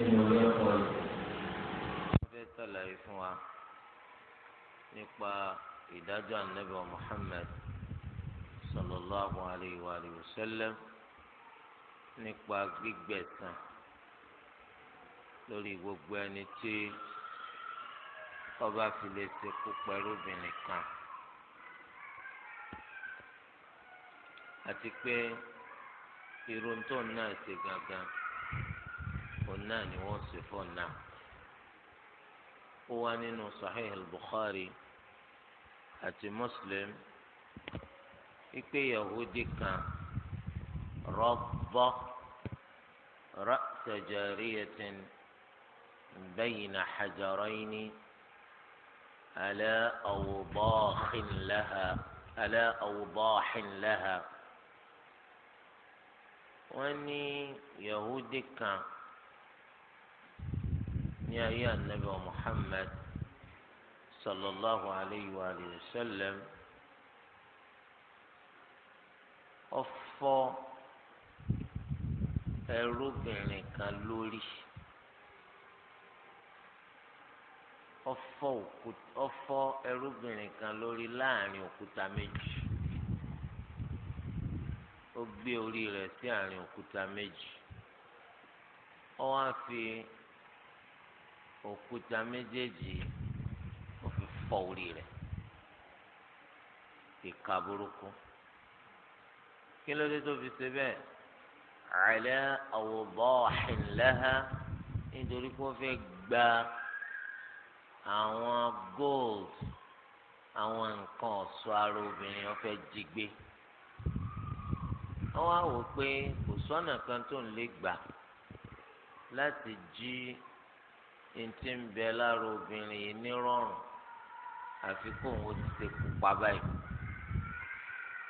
ìmọ̀lẹ́ nwere yìí. ọbẹ̀ tàlàyé fún wa nípa ìdájọ́ ànábì Muhammad sallallahu alayhi wa sallam nípa gbígbẹ̀san lórí gbogbo ẹni tí ọba fi lè ṣekú pẹ̀lú obìnrin kan. irun tó náà náà ni wọ́n sì fún náà ó wá nínú sahih al-bukhari àti muslim ìpè yahudi kan rọ́bọ́ ra'sa jariyatin bayna hajarayni ala awdahin laha ala awdahin laha wọ́n ní yahudi kan. ní ayé anabi muhammad sallallahu alayhi wa sallam ọfọ ẹrúbìnrin kan lórí ọfọ ẹrúbìnrin kan lórí láàrin òkúta méjì ó gbé orí rẹ̀ sí àárín òkúta méjì ó wá fi òkúta méjèèjì ó fi fọ́ orí rẹ̀ ìka burúkú kí ló dé tó fi ṣe bẹ́ẹ̀ àlẹ́ àwòbọ̀ àìlẹ́hà nítorí kó fẹ́ gba àwọn gold àwọn nǹkan ọ̀ṣọ́ ara obìnrin ó fẹ́ jí gbé wọ́n á wò pé kò sọ́nà kan tó ń lè gbà láti jí ntí ń bẹ lára obìnrin yìí nírọ̀rùn àfi kó òun ti ṣe pupa báyìí.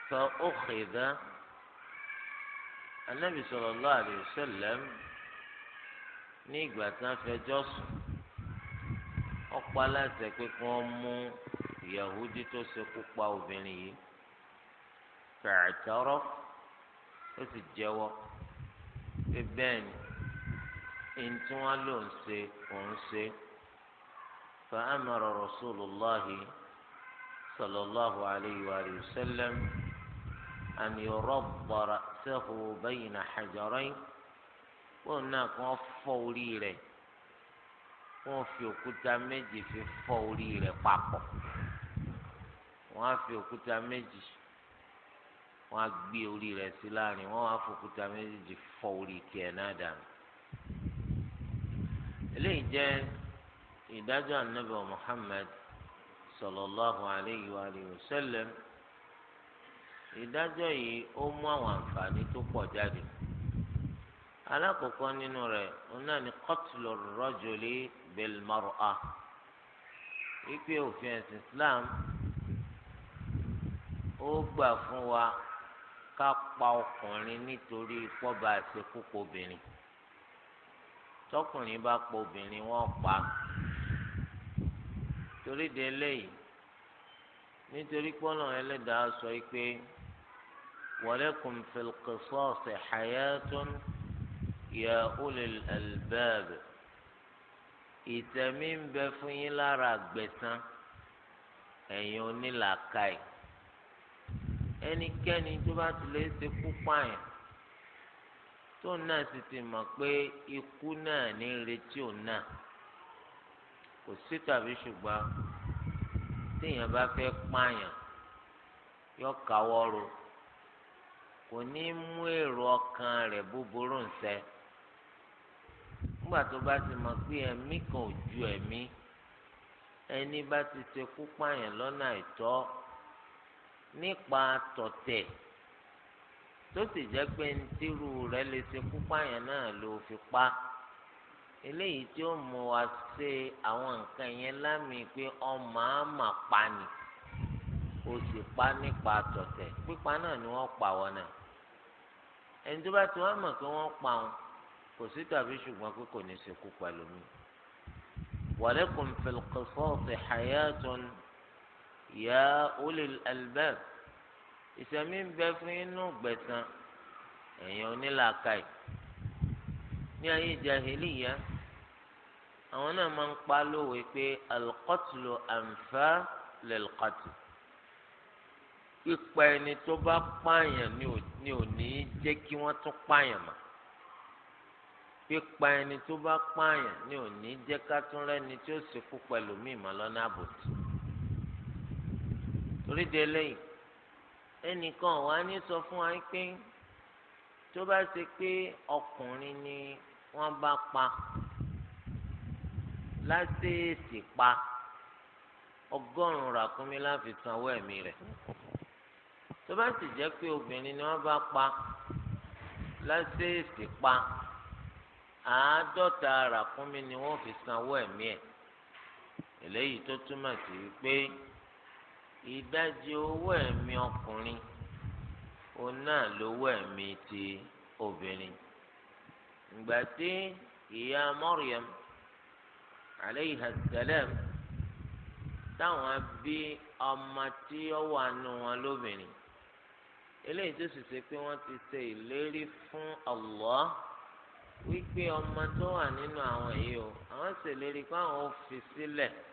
sọ ó xèdá anábì sallallahu alaihi wasallam ní ìgbà tí wọ́n fẹjọ́ sùn ọ̀pọ̀ aláṣẹ pé kí wọ́n mú Yahudi tó ṣe pupa obìnrin yìí fẹ̀ẹ̀tọ́rọ́ ó sì jẹ́wọ́ pé bẹ́ẹ̀ ni ntí wọn lò ń ṣe òun ṣe fa amara rasulillahi sallallahu alayhi wa sallam an yurabba ra'sahu bayna hajarayn wọn náà kàn fọ́ orí rẹ̀ wọn fi òkúta méjì fi fọ́ orí rẹ̀ papọ̀ wọn á fi òkúta méjì wọn á gbé orí rẹ̀ sí láàrin wọn á fòkúta méjì fọ́ orí tiẹ̀ náà dànù eléyìí jẹ́ ìdájọ́ anabi muhammed sallallahu alayhi wa alihi wa sallam ìdájọ́ yìí ó mú àwọn àǹfààní tó pọ̀ jáde alákọ̀ọ́kọ́ nínú rẹ̀ ọ̀nà ni qatlu rajuli bil mar'ah ìpè òfin ẹ̀sìn islam ó gbà fún wa ká pa ọkùnrin nítorí pọ́ba àti kókó obìnrin tọkùnrin bá pọ obìnrin wọn pa torí de eléyìí nítorí pọ́nà ẹlẹ́dàá sọ pé walakum fil qisasi hayatun ya ulil albab ìtẹ̀mí ń bẹ fún yín lára àgbẹ̀sán ẹ̀yin onílàákàyè ẹnikẹ́ni tó bá ti lè ṣekú pààyàn tóun náà sì ti mọ̀ pé ikú náà ní retí òun náà kò sí tàbí ṣùgbọ́n téèyàn bá fẹ́ pààyàn yọ káwọ́ ro kò ní mú èrò ọkàn rẹ̀ búburú ńṣẹ nígbà tó bá ti mọ̀ pé ẹ̀mí kan ò ju ẹ̀mí ẹni bá ti ṣekú pààyàn lọ́nà àìtọ́ nípa tọ̀tẹ̀ tó sì jẹ́ pé ntírú rẹ̀ lè ṣe púpà yẹn náà ló fi pa eléyìí tí ó mú wa ṣe àwọn nǹkan yẹn lámì pé ọmọ àmà pa ni o sì pa nípa tọ̀tẹ̀ pípa náà ni wọ́n pa wọn náà ẹni tó bá ti wọ́n mọ̀ pé wọ́n pa wọn kò sí tàbí ṣùgbọ́n pé kò ní ṣekú pẹ̀lú mi. walakum fil qisasi hayatun ya ulil albab ìsẹ̀mí ń bẹ fún inú gbẹ̀san ẹ̀yin onílàákàyè ní ayé jahiliya àwọn náà máa ń pa lówe pé alqatlu anfa lilqatl pípa ẹni tó bá pààyàn ni ò ní jẹ́ kí wọ́n tún pààyàn mọ́ pípa ẹni tó bá pààyàn ni ò ní jẹ́ ká tún rẹ́ni tí ó sì kú pẹ̀lú mímọ́ lọ́nà àbòtí torí de eléyìí ẹnìkan wà ní sọ fún wa pé tó bá ṣe pé ọkùnrin ni wọ́n bá pa láṣẹ̀ẹ́sì pa ọgọ́rùn-ún ràkúnmí láfi sanwó ẹ̀mí rẹ̀ tó bá sì jẹ́ pé obìnrin ni wọ́n bá pa láṣẹ̀ẹ́sì pa àádọ́ta ràkúnmí ni wọ́n fi sanwó ẹ̀mí ẹ̀ eléyìí tó túmọ̀ sí pé ìdajì owó ẹ̀mí ọkùnrin òun náà lówó ẹ̀mí ti obìnrin ìgbà tí ìyá Maryam aleyha salam táwọn bí ọmọ tí ó wà nù wọn lóbìnrin eléyìí tó sì ṣe pé wọ́n ti ṣe ìlérí fún Allah wípé ọmọ tó wà nínú àwọn yìí o àwọn ṣèlérí pé àwọn ò fi sílẹ̀. Si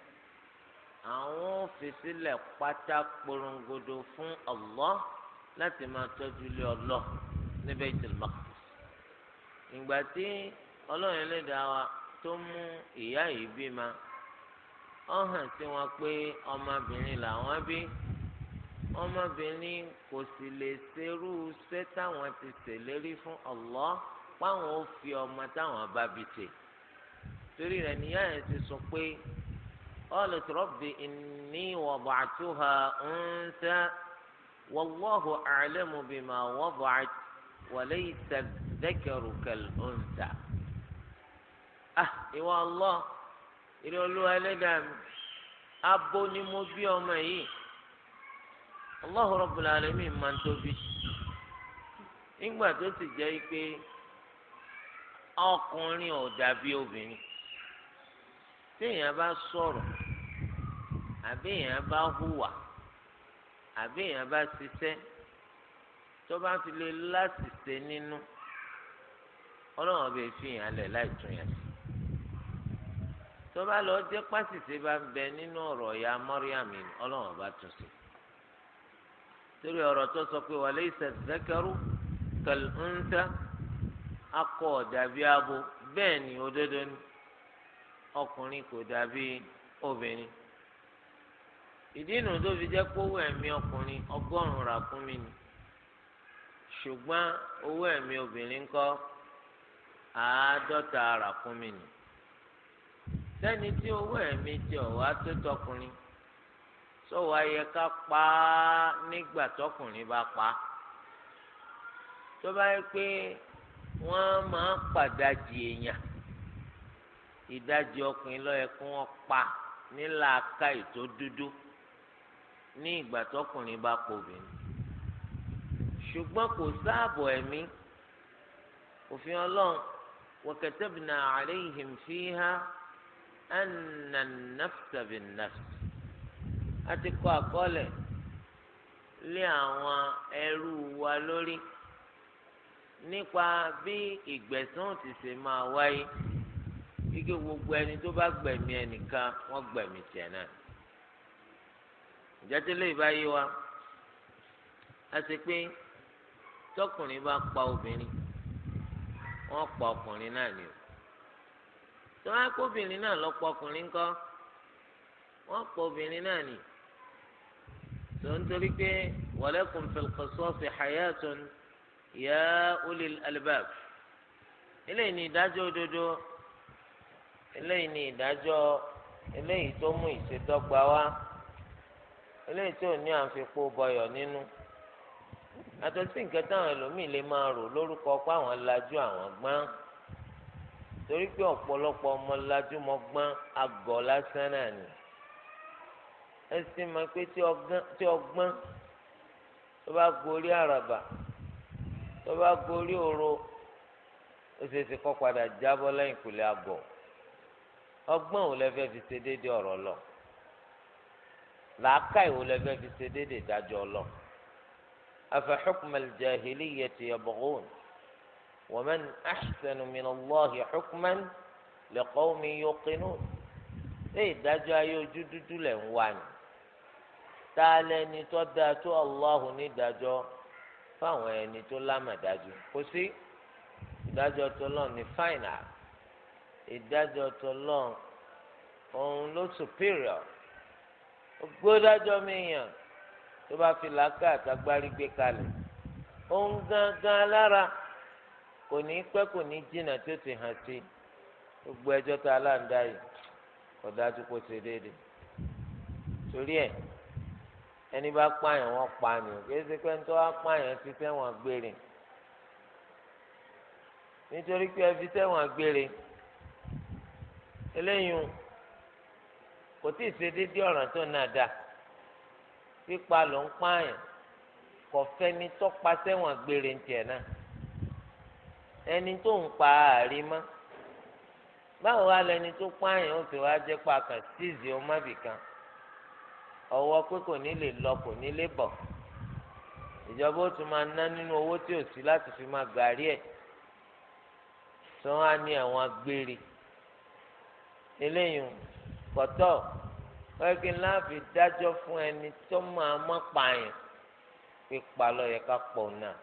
àwọn òfìsílẹ̀ pátá porongodo fún Allah láti máa tọ́jú ilé ọlọ́ ní Baitul Maqdis ìgbà tí ọlọ́run ẹlẹ́dàá wa tó mú ìyá yìí bímọ ọ hàn sí wọn pé ọmọbìnrin làwọn bí ọmọbìnrin kò sì lè ṣerú ṣé táwọn ti ṣèlérí fún Allah páwọn ó fi ọmọ táwọn bá bi tè torí rẹ̀ níyà yẹn ti sọ pé. قالت رب إني وضعتها أنثى والله أعلم بما وضعت وليس الذكر كالأنثى أه إيوا الله يقولوا لدم أبوني مبيومي الله رب العالمين من تبش إنما تسجي pé ọkùnrin ò dàbí obìnrin téèyàn bá sọ̀rọ̀ àbí èèyàn bá hùwà àbí èèyàn bá ṣiṣẹ́ tó bá fi lè láṣìṣe nínú ọlọ́run ọbẹ̀ fi hàn lẹ̀ láì tún yàn sí tó bá lọ jẹ́ pàṣìṣe bá ń bẹ nínú ọ̀rọ̀ ya mọ́ríàmì ọlọ́run ọba tún sí torí ọ̀rọ̀ tó sọ pé wàlẹ́ ìṣẹ̀dẹ́kẹ́rú kẹlùńtà akọ dàbí abo bẹ́ẹ̀ ni òdodo ni ọkùnrin kò dàbí obìnrin ìdí inú tó fi jẹ́ pé owó ẹ̀mí ọkùnrin ọgọ́rùn-ún ràkúnmí ni ṣùgbọ́n owó ẹ̀mí obìnrin kọ́ àádọ́ta ràkúnmí ni sẹ́ni tí owó ẹ̀mí ti ọ̀wá tó tọkùnrin sọ̀wọ́ ayẹ ká pa á nígbà tọkùnrin bá pa á tó bá yẹ pé wọ́n máa ń pàdájì èèyàn ìdajì ọkùnrin lọ́yẹ kí wọ́n pa nílàáká ètò dúdú ní ìgbà tọkùnrin bá pọ̀ obìnrin ṣùgbọ́n kò sáàbọ̀ ẹ̀mí òfin ọlọ́run wa katabna alayhim fiha anna an-nafsa bin-nafs a ti kọ àkọọ́lẹ̀ lé àwọn ẹrú wa lórí nípa bí ìgbẹ̀sán ti ṣe máa wáyé kíkẹ́ gbogbo ẹni tó bá gbẹ̀mí ẹnìkan wọ́n gbẹ̀mí tiẹ̀ náà ìjátẹ́lẹ̀ ìbáyé wa a ṣe pé tọkùnrin bá pa obìnrin wọ́n pa ọkùnrin náà ni o tọ́wá kóbìnrin náà lọ pa ọkùnrin kọ́ wọ́n pa obìnrin náà ni tó ń torí pé walakum fil qisasi hayatun ya ulil albab eléyìí ni ìdájọ́ òdodo eléyìí ni ìdájọ́ eléyìí tó mú ìṣèdọ́gba wá eléyìí tí ò ní à ń fi kó bọyọ̀ nínú yàtọ̀ sí nǹkan táwọn ẹlòmíì lè máa rò lórúkọ pé àwọn lajú àwọn gbọ́n torí pé ọ̀pọ̀lọpọ̀ ọmọ lajú mọ gbọ́n àgọ́ lásán náà ni ẹ sì mọ̀ pé tí ọgbọ́n tó bá gorí àràbà tó bá gorí òro ó ṣe é ṣe kó padà jábọ́ lẹ́yìn kùlẹ̀ àgọ́ ọgbọ́n ò lè fi ṣe déédéé ọ̀rọ̀ lọ làákà ìwò lẹfẹ fi ṣe déédéé dájọ́ lọ afa hukm al-jahiliyyati yabghun wa man ahsanu min Allahi hukman li qawmin yuqinun ṣé ìdájọ́ ayé ojú dúdú lẹ ń wá ni tá a lẹni tó dáa tó Allahu nídàájọ́ fáwọn ẹni tó lámàdájú kò sí ìdájọ́ tó lọ ní fáìnà ìdájọ́ tó lọ òun ló superior gbódájọ́ mìíyàn tó bá fi làákà àtàgbárí gbé kalẹ̀ òun gangan lára kò ní pẹ́ kò ní jìnnà tó ti hàn sí gbogbo ẹjọ́ tá a láǹda yìí kò dájú kó ṣe déédéé torí ẹ̀ ẹni bá pààyàn wọn pààyàn kìí ṣe pé nítorí wọn pààyàn ti tẹ̀wọ̀n gbére nítorí pé ẹ fi gbére eléyìí kò tí ì ṣe déédéé ọ̀ràn tó náà dá pípa ló ń pààyàn kò fẹ́ni tó pa sẹ́wọ̀n gbére tiẹ̀ náà ẹni tó ń pa àárín mọ́ báwo wá lẹni tó pààyàn ó ti wá jẹ́ pa kàn síìzì ọmọbì kan ọwọ́ pé kò ní lè lọ kò ní lè bọ̀ ìjọba ó tún máa ná nínú owó tí ò sí láti fi máa gàrí ẹ̀ tí wọ́n á ní àwọn agbére eléyìí pọ̀tọ́ wọ́n kí n láàfi dájọ́ fún ẹni tó máa mọ́ pààyàn pípa lọ́yẹ ká pọ̀ náà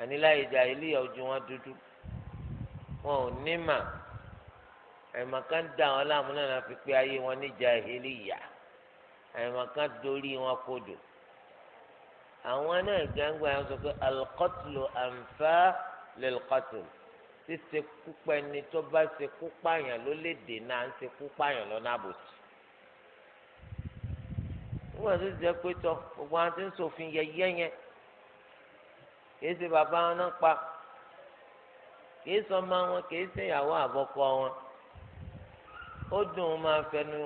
àníláyè jà iléyà ojú wọn dúdú wọn ò ní mà àyìnbá kan dá wọn láàmú náà láfi pé ayé wọn níjà iléyà àyìnbá kan dorí wọn kodò àwọn náà gbàngbà yẹn sọ pé alqatlu anfa lilqatl ṣíṣe kúpa ẹni tó bá ṣe kúpa yàn ló lè dènà à ń ṣe kúpa yàn lọ́nà àbòtì. wọ́n ti jẹ́ pé tọ́ gbogbo àwọn tí ń ṣòfin yẹyẹ yẹn kìí ṣe bàbá wọn náà pa kìí ṣe ọmọ wọn kìí ṣe ìyàwó àbọ̀kọ wọn ó dùn ún máa fẹnu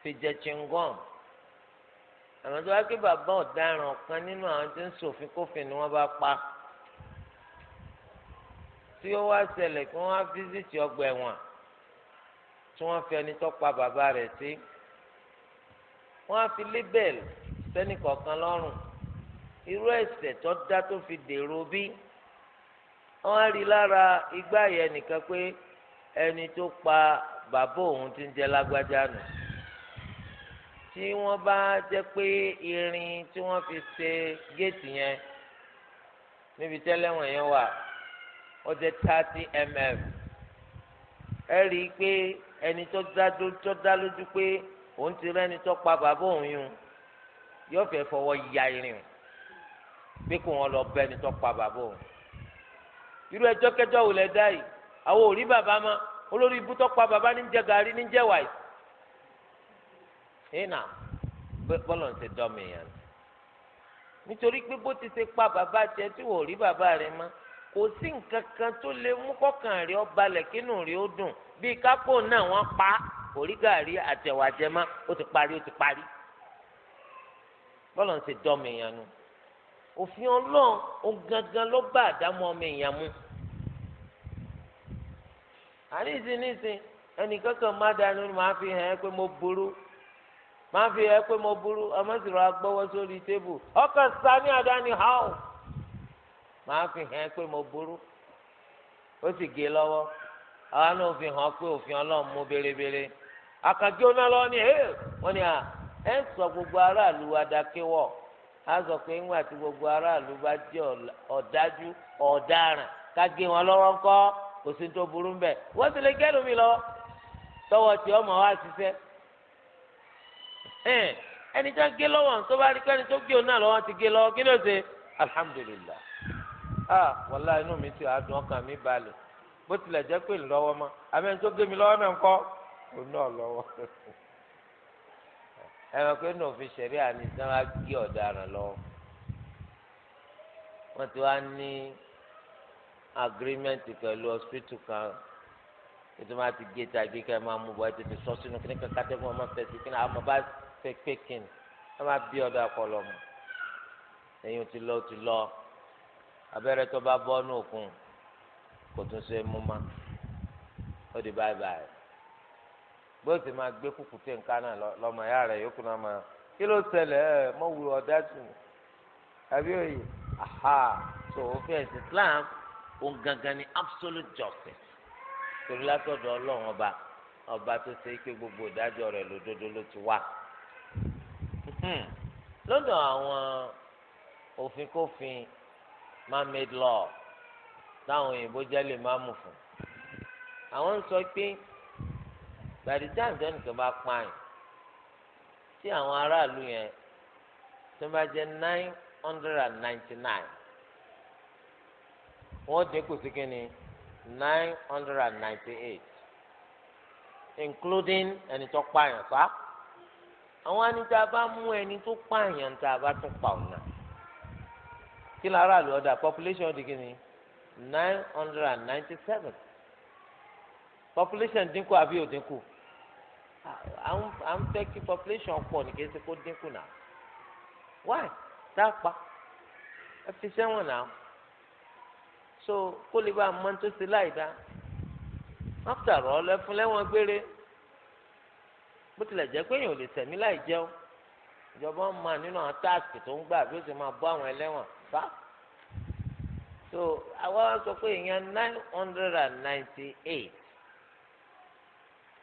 fìjẹ chingom àmọ́ tó wá pé bàbá ọ̀daràn kan nínú àwọn tí ń ṣòfin kófin ni wọ́n bá pa tí ó wá ṣẹlẹ̀ kí wọ́n á fíṣítì ọgbà ẹ̀wọ̀n tí wọ́n fi ẹni tó pa bàbá rẹ̀ sí wọ́n á fi lébẹ̀lì sẹ́ni kọ̀ọ̀kan lọ́rùn irú ẹ̀ṣẹ̀ tó dá tó fi dèrò bí wọ́n á rí lára igbá yẹn nìkan pé ẹni tó pa bàbá òun ti ń jẹ lágbájá nù tí wọ́n bá jẹ́ pé irin tí wọ́n fi ṣe géètì yẹn níbi tẹ́lẹ̀wọ̀n yẹn wà ó jẹ́ thirty mm ẹ rí i pé ẹni tó dá lójú pé òun ti rẹ́ni tó pa bàbá òun yun yóò fẹ́ fọwọ́ ya irin pé kò wọ́n lọ bẹ́ ẹni tó pa bàbá òun irú ẹjọ́ kẹjọ́ wò lẹ́ dá yìí àwọn ò rí bàbá mọ́ olórí ibú tó pa bàbá ní jẹ gàrí ní jẹ wàyí hìnà bọ́lọ̀ ń ṣe dọ́mìyàn nítorí pé bó ti ṣe pa bàbá tiẹ̀ tí wò rí bàbá rẹ̀ mọ́ kò sí nǹkan kan tó lè mú kọkàn rí ọ balẹ̀ kínú rí ó dùn bíi kápò náà wọ́n pa orí gàrí àtẹ̀wàjẹmọ́ ó ti parí ó ti parí bọ́lá ń ṣe dọ́mọ èèyàn nu òfin ọlọ́run ó gangan ló bá àdámọ́ ọmọ èèyàn mu àníṣin níṣin ẹnìkan kan má dání ni màá fi hàn ẹ́ pé mo burú màá fi hàn ẹ́ pé mo burú ọmọ sì rọ agbọ́wọ́ sórí tébù ọkàn sani àdáni hàn màá fi hàn pé mo burú ó sì gé lọ́wọ́ àwa náà fi hàn pé òfin ọlọ́run mú bérebére àkàgé oná lọ́wọ́ ni ẹ wọ́n ni à ẹ sọ gbogbo aráàlú sọ pé ńgbà gbogbo aráàlú bá jẹ́ ọ̀dájú ọ̀daràn kágé wọn lọ́wọ́ ńkọ́ kò sí tó burú wọ́n ti lè gẹ́lu mi lọ́wọ́ tọwọ́ tí ọmọ wa ṣiṣẹ́ ẹni gé lọ́wọ́ tó bá ti gé lọ́wọ́ kí ṣe alhamdulilayi. ah, wàlá inú mi ti àdùn ọkàn mi balẹ̀ bó tilẹ̀ jẹ́ pé ńlọ́wọ́ mọ́ àmì tó gé mi lọ́wọ́ náà ń kọ́ òun náà lọ́wọ́ ẹ̀rọ pé nù òfin ṣẹ̀rí àní tí wọ́n á gé ọ̀daràn lọ wọ́n ti wá ní agreement pẹ̀lú hospital kan ètò máa ti gé tagi ká máa mú bọ́ ẹ tètè sọ sínú kí ní ká kátẹ́gùn ọmọ fẹ́ sí kí ní àwọn bá fẹ́ pé kí ní wọ́n máa bí ọ̀dọ̀ akọlọ̀ mọ́ ẹ̀yin ò ti lọ ò ti lọ abẹ́rẹ́ tó bá bọ́ ní òkun kò tún ṣe mú ma ó di báyìí báyìí bó ti máa gbé kùkùté nǹkan náà lọ́mọ ìyá rẹ̀ yókù náà máa kí ló ṣẹlẹ̀ ẹ mọ̀wù ọ̀dá sùn àbí òye aha tó òfin ẹ̀sìn Islam òun gangan ni absolute justice torí látọ̀dọ̀ ọlọ́run ọba ọba tó ṣe pé gbogbo ìdájọ́ rẹ̀ lódodo ló ti wá hmm. lọ́dọ̀ àwọn òfin kófin man-made law táwọn òyìnbó jẹ́ lè má mú fún àwọn ń sọ pé gbàdíjà ìjọ nìkan bá pààyàn tí àwọn aráàlú yẹn tó bá jẹ́ nine hundred and ninety nine wọ́n dínkù sí kínní nine hundred and ninety eight including ẹni tó pààyàn sá àwọn anìjà bá mú ẹni tó pààyàn tá a bá tún pa ọ̀nà kí la aráàlú ọ̀dà population di kí ni nine hundred and ninety seven population dínkù àbí ò dínkù à ń fẹ́ kí population pọ̀ ní kí ẹ ti kó dínkù náà why tá a pa ẹ fi sẹ́wọ̀n náà so kó lè bá a mọ tó ṣe láì dá after all ẹ fún lẹ́wọ̀n gbére bó tilẹ̀ jẹ́ pé èèyàn ò lè tẹ̀mí láì jẹun ìjọba ń mọ nínú àwọn táàsì tó ń gbà bí ó ti máa bọ́ àwọn ẹlẹ́wọ̀n fa so àwa sọ pé èèyàn nine hundred and ninety eight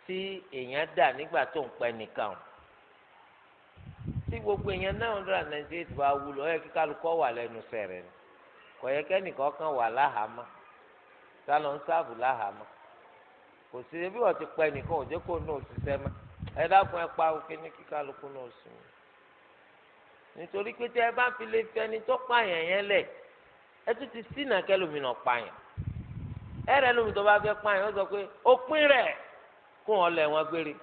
tí èèyàn dà nígbà tó ń nìkan tí gbogbo èèyàn nine hundred and ninety eight bá wúlò ó yẹ kí wà ni kò yẹ kẹ́nìkan kan wà láhàámá tá ló ń sáàbù láhàámá kò sí ebi wọ́n ti pẹ nìkan òjò kò ní òṣìṣẹ́ mọ́ ẹ dákun ẹ pa ní nítorí pé tẹ ẹ bá fi lè fẹni tó pààyàn yẹn lẹ ẹ tún ti sínà kẹlòmínà pààyàn ẹ rẹ lómi tó bá fẹ́ pààyàn ó sọ pé òpin rẹ̀ kó wọn lẹ wọn gbére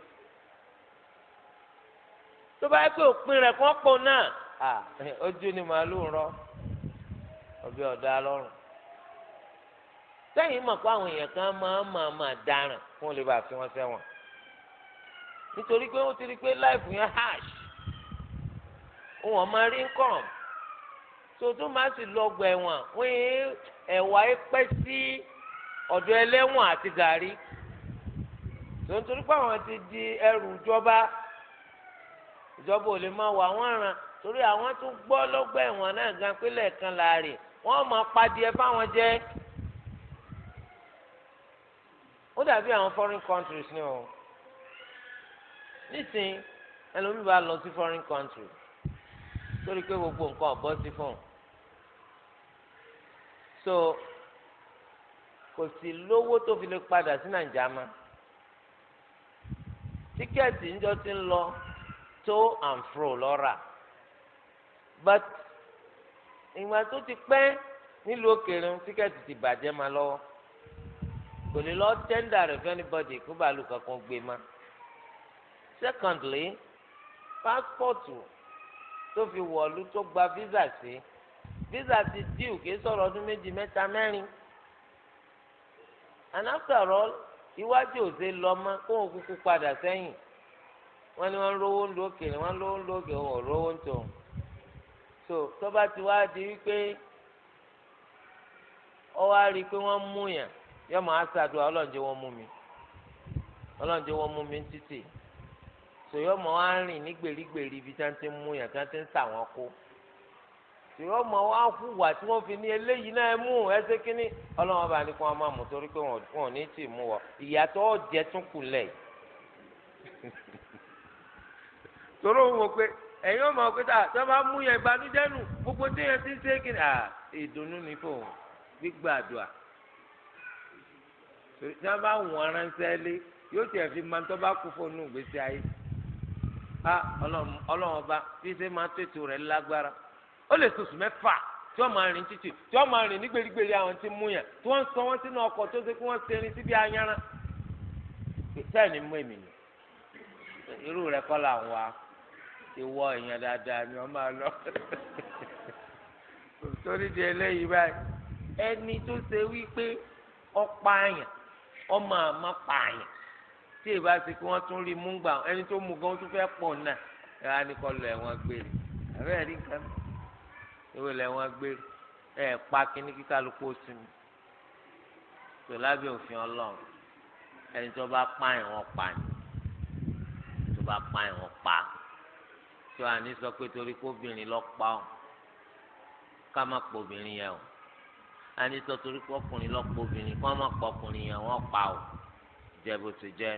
tó bá yẹ pé òpin rẹ̀ kó pọ̀ náà à ojú ni màálù rọ ọbẹ ọdá lọ́rùn sẹ́yìn mọ̀ pé àwọn èèyàn kan máa máa máa dáràn kó lè bá fi wọn sẹ́wọ̀n nítorí pé wọ́n ti rí i pé láìfù yẹn hash wọn máa rí nǹkan tuntun máa sì lọ gbọ ẹ̀wọ̀n wọn ẹwà pẹ́ sí ọ̀dọ̀ ẹlẹ́wọ̀n àti gàrí tuntun pé àwọn ti di ẹrù ìjọba ìjọba ò lè máa wà wọn ràn torí àwọn tún gbọ́ lọ́gbà ẹ̀wọ̀n náà gan pé lẹ́ẹ̀kan láàrin wọ́n máa padìẹ fáwọn jẹ́ ó dàbí àwọn foreign countries ni o nísìnyí ẹlòmíì bá lọ sí foreign country torí pé gbogbo nǹkan ọ̀bọ sí fún un so kò sí lówó tó fi lè padà sí nàìjà ma tíkẹ́ẹ̀tì ńjọ ti ń lọ tó and fro lọ́ra but ìgbà tó ti pẹ́ nílùú òkèèrè tíkẹ́ẹ̀tì ti bàjẹ́ ma lọ́wọ́ kò lè lọ tẹ́ndà rẹ̀ fún anybody kó bàálù kankan gbé ma secondly passport tó fi wọ̀lú tó gba visa sí visa ti díù kì í sọ̀rọ̀ ọdún méjì mẹ́ta mẹ́rin and after all iwájú ò ṣe lọ mọ́ kó wọn kúkú padà sẹ́yìn wọ́n ní wọ́n rówó ń lo òkèèrè wọ́n lówó ń lo òkèèrè wọ́n rówó ń tòun so tó bá ti wá di wípé ọ wá rí i pé wọ́n mú yàn yọmọ àṣàdùn ọlọ́njẹ́ wọ́n mú mi ọlọ́njẹ́ wọ́n mú mi títì sòyọ́ mọ́ wá rìn ní gbèrígbèrí ibi tí wọ́n ti ń mú yàn tí wọ́n ti ń sà wọ́n kó sòyọ́ mọ́ wá hùwà tí wọ́n fi ní eléyìí náà mú ẹsẹ̀ kínní ọlọ́wọ́n bá ní kí wọ́n máa mú torí pé wọn ò ní tì mú wọ ìyàtọ̀ ọ̀jẹ̀ tún kù lẹ̀ torí òun wò pé ẹ̀yin ọmọ ọ̀pẹ tá tó bá mú yàn ìbànújẹ́ nù gbogbo tí yẹn ti ń ṣe kínní à ìdùnnú ní fòun gbígbàdùà yóò tiẹ̀ fi máa tọ́ bá kú fóònù gbèsè ayé a ọlọ́run ọba bí ṣe máa tètè rẹ̀ lágbára ó lè sọ̀sù mẹ́fà tí wọ́n máa rìn títì tí wọ́n máa rìn ní gbèrígbèrí àwọn tí ń mú yàn tí wọ́n ń sọ wọ́n sínú ọkọ̀ tó ṣe kí wọ́n ṣe irin síbi ayanra pèsè ní mú èmi nù irú rẹ̀ kọ́ là ń wá ìwọ èèyàn dáadáa ni wọ́n máa lọ torí di eléyìí báyìí ẹni tó ṣe wípé ọ̀pá àyàn ọmọ àmọ́ pààyàn tí èbá ṣe kí wọ́n tún rí mú gbà ẹni tó mú gan tún fẹ́ pọ̀ náà ẹ á ní kọ́ lọ ẹ̀wọ̀n gbére àbẹ́ ẹ̀rí nǹkan ìwé lẹ́wọ̀n gbére ẹ̀ pa kíní kíkálukú oṣù mi tó lábẹ́ òfin ọlọ́run ẹni tó bá pa ìwọ̀n pa ni tó bá pa ìwọ̀n pa tó àní sọ pé torí kóbìnrin lọ pa ọ́ ká má pọ̀ obìnrin yẹn o àní sọ torí kọ́kùnrin lọ pọ̀ obìnrin kọ́ má pọ̀ ọkùnrin yẹn wọ́n pa o jẹ́ bó ti jẹ́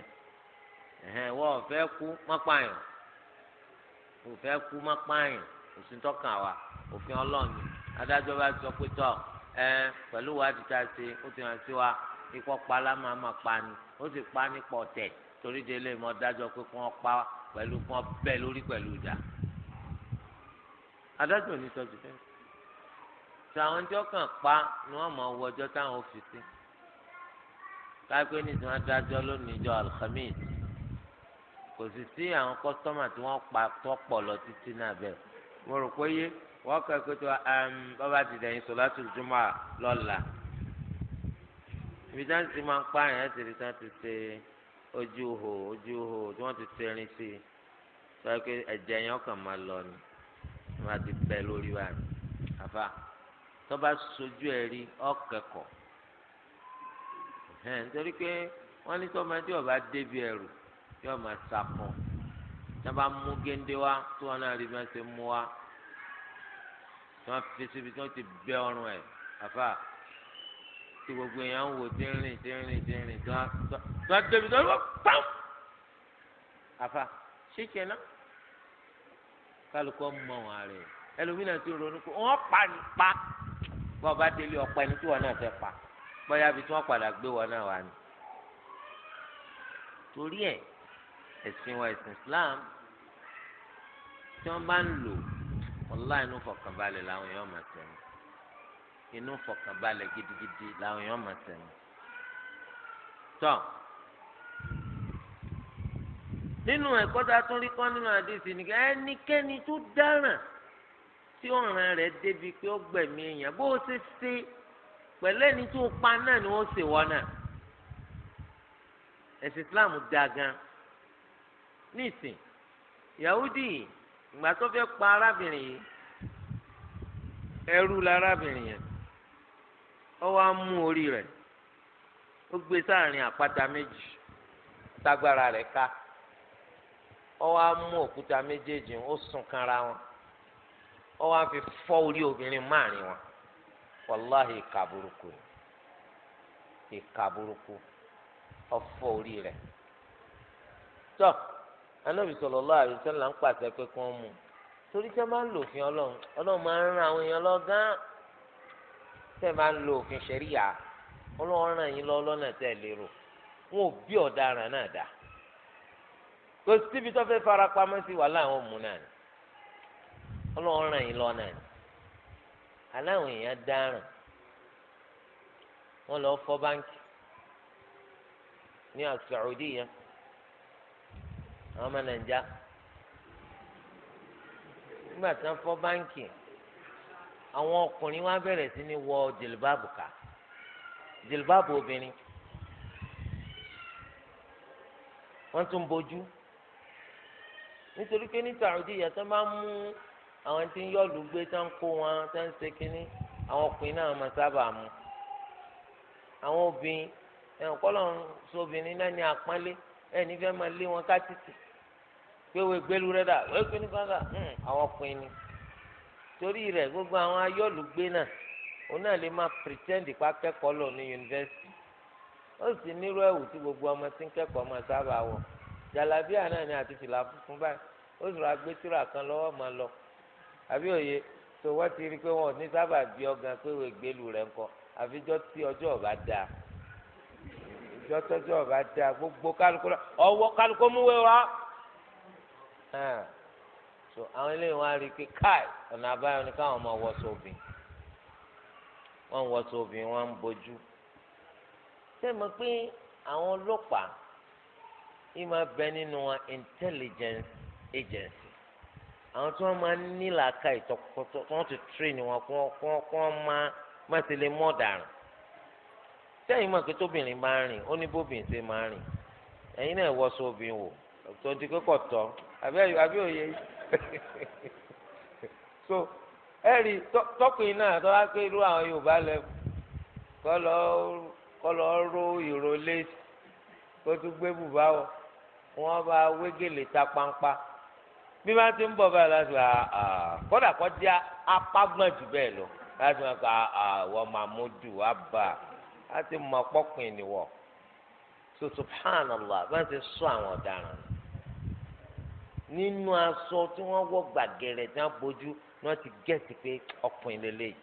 ẹ̀hẹ́n wọ́n ò fẹ́ kú má pààyàn ò fẹ́ kú má pààyàn òsín tọ́kàn wa òfin ọlọ́ọ̀ni adájọ́ bá sọ pé tọ́ ẹ pẹ̀lú wàá ta ṣe ó ti hàn sí wa ikọ́ pala máa ma pa ni ó sì pa nípa ọ̀tẹ̀ torí délé mọ́ dájọ́ pé kí wọ́n pa pẹ̀lú kí wọ́n bẹ́ lórí pẹ̀lú ìjà adájọ́ ní sọ́jú bẹ́ẹ̀ tàwọn tí ọkàn pa ni wọ́n mọ̀ wọ ọjọ́ táwọn ò fi sí káàpé ní tí wọ́n dájọ́ lónìí jọ alhamis kò sì sí àwọn kọ́sítọ́mà tí wọ́n pa tó pọ̀ lọ títí náà bẹ́ẹ̀ mo rò pé yé wọ́n kọ́ ẹ̀kọ́ tó bàbá ti dẹ̀yìn sọ láti jùmọ̀ lọ́la ibi tí wọ́n ti máa ń pa àyàn ti rí tí wọ́n ti ṣe ojú ihò ojú ihò tí wọ́n ti ṣe sí i sọ pé ẹ̀jẹ̀ yẹn kàn máa lọ ni máa ti bẹ́ lórí wa ni àfa tó bá sojú ẹ̀ rí ọ̀kẹ́kọ̀ọ́ nítorí pé wọ́n ní tọ́mọdé ọba débi ẹ̀rù yóò máa sàpọ̀ tí wọ́n bá mú géńdé wá tí wọ́n náà rí bí wọ́n ṣe mú wá tí wọ́n fi síbi tí wọ́n ti bẹ́ ọrùn ẹ̀ àfà tí gbogbo èèyàn ń wò tí ń rìn tí ń rìn tí ń rìn tí wọ́n débi tí wọ́n pàm àfà ṣíṣe náà kálukọ́ mọ wọn rẹ̀ ẹlòmínà ti ronú pé wọ́n pa ní pa bọ́ọ̀ bá délé ọ̀pá ẹni tí wọ́n náà fẹ́ pa bọ́yá ibi tí wọ́n padà gbé wọn náà wà ní. torí ẹ̀ ẹ̀sìn wa ẹ̀sìn Islam tí wọ́n bá ń lò ọlá inú fọkànbalẹ̀ làwọn èèyàn máa tẹnu inú fọkànbalẹ̀ gidigidi làwọn èèyàn máa tẹnu tọ nínú ẹ̀kọ́ tá a tún rí kọ́ nínú àdìsí ni ẹnikẹ́ni tó dáràn tí ọ̀ràn rẹ̀ débi pé ó gbẹ̀mí èèyàn bó o ṣe ṣe pẹ̀lú ẹni tó pa náà ni wọ́n ṣèwọ́ náà ẹ̀sìn Islam dáa gan-an. nísìn yahudi ìgbà tó fẹ́ pa arábìnrin yìí ẹrú la arábìnrin yẹn ó wá mú orí rẹ ó gbé sáàrin àpáta méjì tágbára rẹ̀ ká ó wá mú òkúta méjèèjì ó sùn kanra wọn ó wá fi fọ́ orí obìnrin márùn wọn wàláhì ìkà burúkú ìkà burúkú ó fọ́ orí rẹ̀ tọ́. So, anábì sallallahu alaihi wasallam ń pàṣẹ pé kí mú torí tẹ́ máa ń lo òfin ọlọ́run ọlọ́run máa ń ran àwọn èèyàn lọ gán tẹ́ máa ń lo òfin ṣẹ̀ríyà ọlọ́run ràn yín lọ lọ́nà tẹ lérò wọn ò bí náà dà kò síbi tó fara pamọ sí wàhálà náà ni ràn yín lọ náà ni aláwọn èèyàn dáràn lọ báńkì àwọn ọmọ nàìjíríà nígbà tí wọ́n fọ́ báǹkì àwọn ọkùnrin wa bẹ̀rẹ̀ sí ní wọ jìlbáàbù ká jìlbáàbù obìnrin wọ́n tún bójú nítorí pé ní Saudi yàtọ̀ máa ń mú àwọn tí ń yọ̀lù gbé tán kó wọn tán ṣe kínní àwọn ọkùnrin náà máa sábà mú àwọn obìnrin ẹ̀hún kọ́lọ́run sóbìnrin náà ní àpọ́nlé ẹ̀ nífẹ̀ẹ́ máa lé wọn ká títì pé wo gbẹlu rẹ dà wo gbẹlu kan dà àwọn pin ni torí rẹ gbogbo àwọn ayọlùgbé náà òun náà lè máa pretend pa kẹ́kọ̀ọ́ lọ ní yunifásitì ó sì nírú ẹ̀wù tí gbogbo ọmọ tí ń kẹ́kọ̀ọ́ máa sábà wọ̀ jàlábíà náà ni àti fìlà funfun báyìí ó sì rà gbé tírà kan lọ́wọ́ máa lọ àbí òye tó wọ́n ti rí i pé wọn ò ní sábà bí ọgàn pé wo gbẹlu rẹ ńkọ́ àfijọ́ tí ọjọ́ ọba dáa ìjọ́ tọ́jọ́ ọba dáa gbogbo kálukú ọwọ́ kálukú mú wẹ́ wá so àwọn eléyìí wọn á rí i pé káì ọ̀nà àbáyọ ni káwọn máa wọ sóbì wọn wọ sóbì wọn ń bójú sẹ́mi pé àwọn ọlọ́pàá yìí máa bẹ nínú intelligence agency àwọn tí wọ́n máa ń nílà ká ìtọ́kọ́tọ́ tí wọ́n ti train wọn kí wọ́n kí wọ́n kí wọ́n máa má ti lè mọ̀ dàrún sẹ́yìn mọ̀ pé tóbìnrin máa ń rìn ó ní bóbìnrin ṣe máa ń rìn ẹ̀yin náà wọ́sọ obìnrin wò tó ti pé tọ́ àbí òye so ẹ̀rí tọkùnrin náà tọ́lá pé irú àwọn Yorùbá lẹ kọ́ lọ ró ìró létí kó tún gbé bùbá wọ wọn bá wégele ta pampa bí wọn ti ń bọ̀ báyìí láti wá kódà kó jẹ́ apágbọ̀n jù bẹ́ẹ̀ lọ láti wọn kà wọ́n máa mójú wá bá a láti mọ̀ pọ́kùnrin nìwọ̀ so subhanallah bá ti sọ àwọn ọ̀daràn nínú aṣọ tí wọ́n wọ̀ gbàgẹ̀rẹ̀ tí wọ́n bójú ni wọ́n ti gẹ̀ẹ́sì pé ọkùnrin lélẹ̀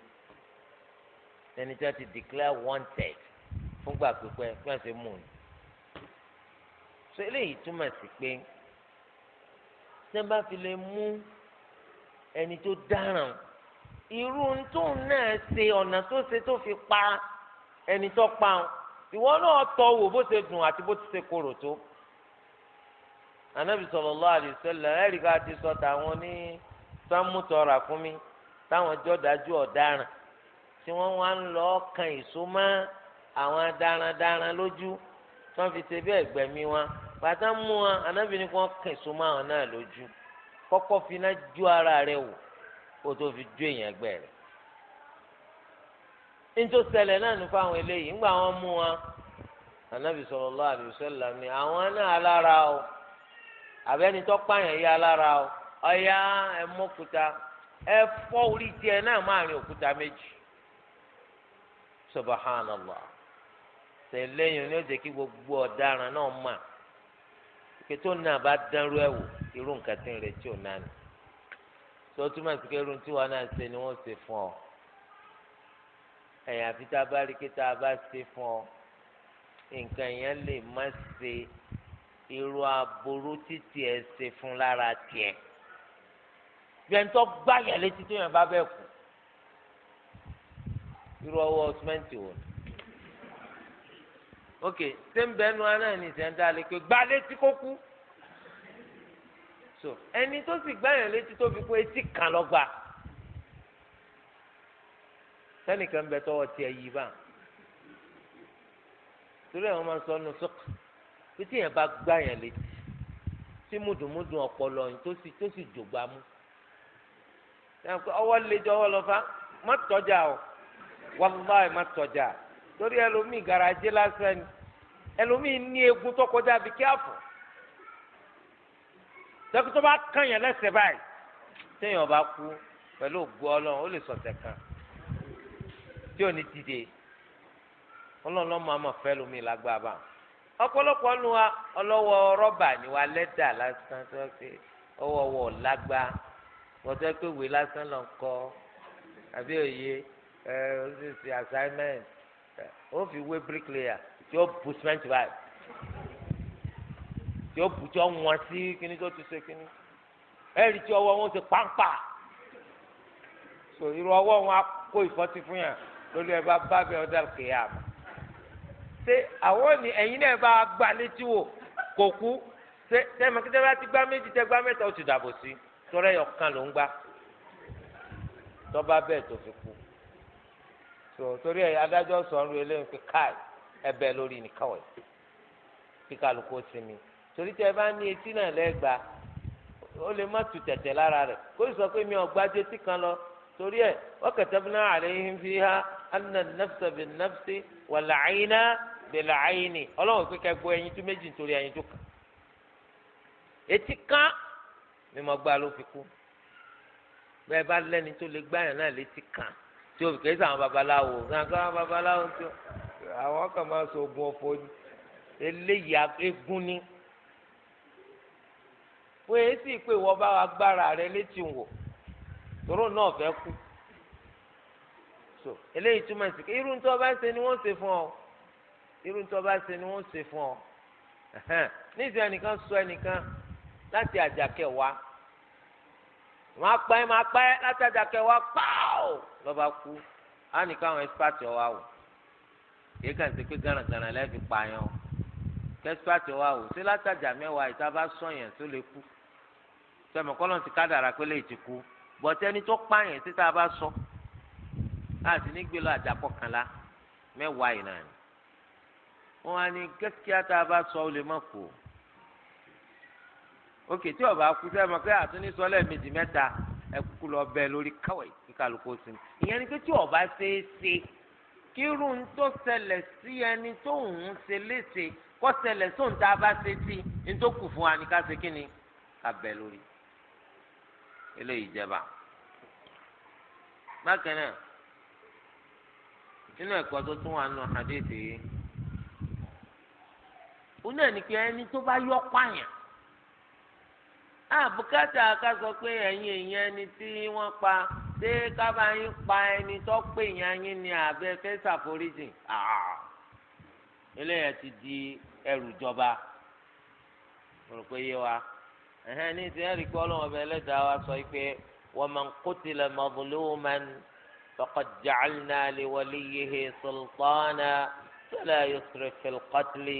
ẹni tí wọ́n ti declare wanted fúngbà pípẹ́ kí wọ́n ṣe mú un. sọ eléyìí túmọ̀ sí pé tí wọ́n bá fi lè mú ẹni tó dáràn irú tóun náà ṣe ọ̀nà tó ṣe tó fi pa ẹni tó pa ìwọ náà tọ́ wò bó ṣe dùn àti bó ti ṣe korò tó anabi sallallahu alaihi wasallam ẹrí ká ti sọ tàwọn ní sàmútọrà fún mi táwọn jọ dájú ọ̀daràn tí wọ́n wá ń lọ kan ìṣó àwọn darandaran lójú tí wọ́n fi ṣe bí ẹ̀gbẹ̀mí wọn bàtà mú wọn anabi ni kò kan ìṣó mọ́ àwọn náà lójú kọ́kọ́ fi iná ju ara rẹ̀ wò kó tó fi ju èèyàn ẹgbẹ́ rẹ̀ nítorí ṣẹlẹ̀ náà ní fáwọn eléyìí ńgbà wọ́n mú wọn anabi sallallahu alaihi wasallam ni àwọn náà lára o àbẹ́ni tó pààyàn yá lára o ọ̀yá ẹ̀mọ́kúta ẹ fọ́ orí tiẹ̀ náà máa rin òkúta méjì subahánàlá tẹ̀léyìn ni ó jẹ́ kí gbogbo ọ̀daràn náà mà kẹtó náà bá dánrú ẹ̀ wò irú nǹkan tí ń retí ò náà tó túmọ̀ sí pé tí wọn náà ṣe ni wọ́n ṣe fún ọ ẹ̀yìn àfi bá rí kí bá ṣe fún ọ nǹkan yẹn lè má ṣe irú aburú títí ẹ ṣe fún lára tiẹ̀ gbẹ̀ntọ́ gbáyà létí tó yàn bá bẹ́ẹ̀ kú irú ọwọ́ ọsùmẹ́ǹtì wò ni ok ṣé ń bẹ́ẹ̀ aná ní ìṣẹ̀ǹdà lè pé gbá létí kó kú so ẹni tó sì gbáyà létí tó fi kú etí kan lọ́gbà sẹ́nìkan bẹ tọwọ́ tiẹ̀ yí bá torí àwọn máa ń sọ ọ́ nù sọ́kù pé tí yẹn bá gbá yẹn létí tí mùdùmùdùn ọpọlọ yìí tó sì tó sì jògbá mú ọwọ́ lejò ọwọ́ lọ́fà má tọ́jà o wàláì má tọ́jà torí ẹlòmíì garaje lásán ni ẹlòmíì ní egun tó kọjá bí kí á fò dókítà bá kàn yẹn lẹ́sẹ̀ báyìí téèyàn bá kú pẹ̀lú ògbó ọlọ́run ó lè sọ̀tẹ̀ kan tí ò ní dìde ọlọ́run lọ́mọ àmọ̀ fẹ́ lómi lágbára báwọn ọ̀pọ̀lọpọ̀ nu wa ọlọ́wọ́ rọ́bà ni wa lẹ́tà lásán tó ṣe ọwọ́ wọ̀ lágbá wọ́tọ́ pé wèé lásán lọ kọ́ àbí òye ẹ ó sì ṣe assignment ó fi wé bricklayer tí ó bu cement báyìí tí ó bu tí ó wọ́n sí kíní tó ti ṣe kíní ẹ̀rí tí ọwọ́ wọn ti pàǹpà so irú ọwọ́ wọn á kó ìfọ́tí fún yàn lórí ẹ bá bá bẹ ọ̀dà kìí àmọ́ ṣé àwọn ni ẹ̀yin náà bá gbà létí wò kò kú ṣé tẹ́lẹ̀ kí tẹ́lẹ̀ bá ti gbá méjì tẹ́ gbá mẹ́ta ó ti dàbò sí tọ́lẹ̀ yọ kan ló ń gbá tọ́ba bẹ́ẹ̀ tó fi kú torí ẹ̀ adájọ́ sọ̀rọ̀ eléyìí pé káì ẹbẹ̀ lórí nìkan wẹ̀ kí kálukú ó sinmi torí tẹ́ bá ní etí náà lẹ́gba ó lè má tu tẹ̀tẹ̀ lára rẹ̀ kó sọ pé mi ò gbájú etí kan lọ torí ẹ̀ wọ́n katabna alayhim fiha anna an-nafsa bin-nafsi wal-'ayna bẹlẹ àyìnì Ọlọ́run pé kẹgbọ ẹyin tó méjì nítorí ẹyin tó kàn etí kan ni mo gbá ló fi kú bẹ́ẹ̀ bá lẹ́ni tó lè gbáyàn náà létí kan tí o kì í sàwọn babaláwo náà kí wọn babaláwo tí àwọn kan máa so oògùn ọ̀fọ̀ ni eléyìí egun ni wọ́n yé pé wọ́n bá agbára rẹ létí wò tóró náà fẹ́ kú so eléyìí túmọ̀ sí irú tó o bá ṣe ni wọ́n ṣe fún ọ irú tó bá ṣe ni wọ́n ṣe fún ọ níṣẹ́ ẹnìkan sọ ẹnìkan láti àjàkẹ́ wa máa pẹ́ máa pẹ́ láti àjàkẹ́ wa pàó lọ́ba kú á nìkan àwọn ẹ́sípàtì ọ̀wá wò kì í kàn sí pé gánàgánà lẹ́ẹ̀fi pààyàn o kẹ́sípàtì ọ̀wá wò sí látàjà mẹ́wàá ìta bá sọ̀yàn tó lè kú sọ̀mọ̀ kọ́lọ́n ti kádàrà pé lè ti kú bọ̀tẹ́ni tó pààyàn títa bá sọ láti nígbèlú àjàpọ̀ kan lá mẹ́wàá wọn á ní kíákíá tá a bá sọ ọ lè má kú òkè tí ọba kú sẹ́yìn mọ̀ pé àtúní sọ lẹ́ẹ̀mejì mẹ́ta ẹ̀kú lọ bẹ lórí káwé kíkàlùkù sí i ìyẹn ni pé tí ọba ṣe é ṣe kí irú ń tó ṣẹlẹ̀ sí ẹni tó ń ṣe léṣe kó ṣẹlẹ̀ sóun tá a bá ṣe sí ní tó kù fún wa ní ká ṣe kí ni ká bẹ lórí eléyìí jẹba bákan náà nínú ẹ̀kọ́ tó tún wà nù hadith òun náà ní pé ẹni tó bá yọ pààyàn àbùkátà ká sọ pé ẹ̀yin èèyàn ẹni tí wọ́n pa ṣé kábà yín pa ẹni tó pè yàn yín ni àbẹ fẹ́ ṣàforíjìn eléyà ti di ẹrù jọba mo rò pé yé wa ẹ̀hẹ́n ní ti ẹ̀rí pé ọlọ́run ọba ẹlẹ́dàá wa sọ pé wa man qutila mazluman faqad ja'alna li waliyyihi sultana fala yusrif fil qatli.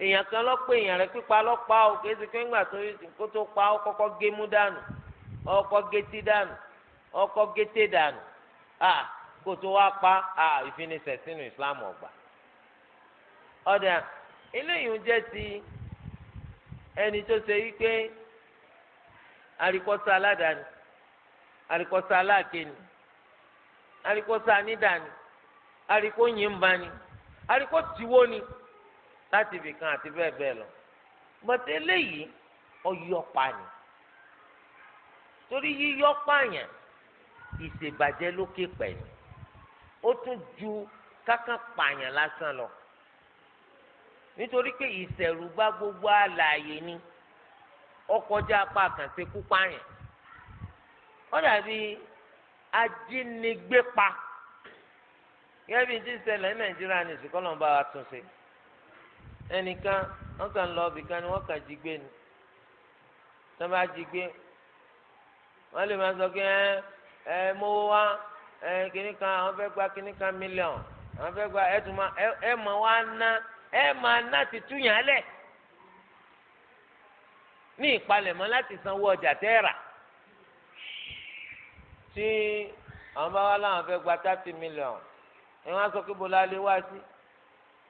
èèyàn kan lọ pé èèyàn rẹ pípa lọ pa ọ kéésì pé ńgbà tó kó tó pa kọ́kọ́ dànù ọkọ gétí dànù ọkọ gété dànù a tó wá pa ìfinisẹ̀ sínú ìsìlámù ọgbà eléyìí ń jẹ́ ti ẹni tó ṣe wípé àríkọ́sá aládàáni àríkọ́sá aláàkéni àríkọ́sá anídàáni yìnbani láti ibì kan àti bẹ́ẹ̀ bẹ́ẹ̀ lọ bọ́tẹ́ eléyìí ọyọ́pa ni torí yíyọ́ pààyàn ìṣèbàjẹ́ lókè pẹ̀lú ó tún ju kákan pààyàn lásán lọ nítorí pé ìṣẹ̀rùbá gbogbo àlàyé ni ọkọjá apá kan ṣe kú pààyàn ó dàbí ajínigbé pa gẹ́gẹ́ bí ti ṣẹlẹ̀ ní nàìjíríà ní ìsìnkọ́lọ́mbà wa tún ṣe. ẹnìkan wọn kàn lọ ibìkan ni wọn kàn jí ni tí wọn bá wọn lè máa sọ pé ẹ ẹ mówó wá ẹ kíní kan àwọn gba kíní kan ti ní láti sanwó ọjà tẹ́ rà tí àwọn bá wá láwọn gba thirty million ẹ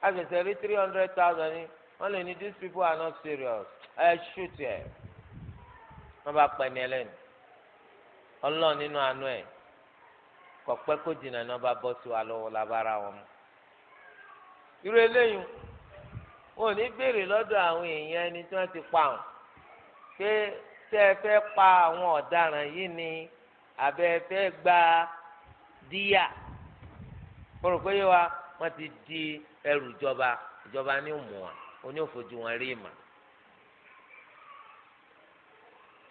àfẹsẹ̀ rí three hundred thousand ni wọ́n lè ní these people are not serious ẹ shoot ẹ̀ wọ́n bá pẹ̀ ní ẹlẹ́nu ọlọ́run nínú àánú ẹ̀ kò pẹ́ kó jìnnà náà bá bọ́ sí wa lọ́wọ́ lábára wọn mu. irú eléyìí wọn ò ní béèrè lọ́dọ̀ àwọn èèyàn ẹni tí wọ́n ti pa àwọn pé tẹ́ ẹ fẹ́ pa àwọn ọ̀daràn yìí ni àbẹ́ ẹ fẹ́ gba díyà mo rò pé yé wa wọ́n ti di ẹrù ìjọba ìjọba ní òmù wọn oní òfojú wọn rí ìmà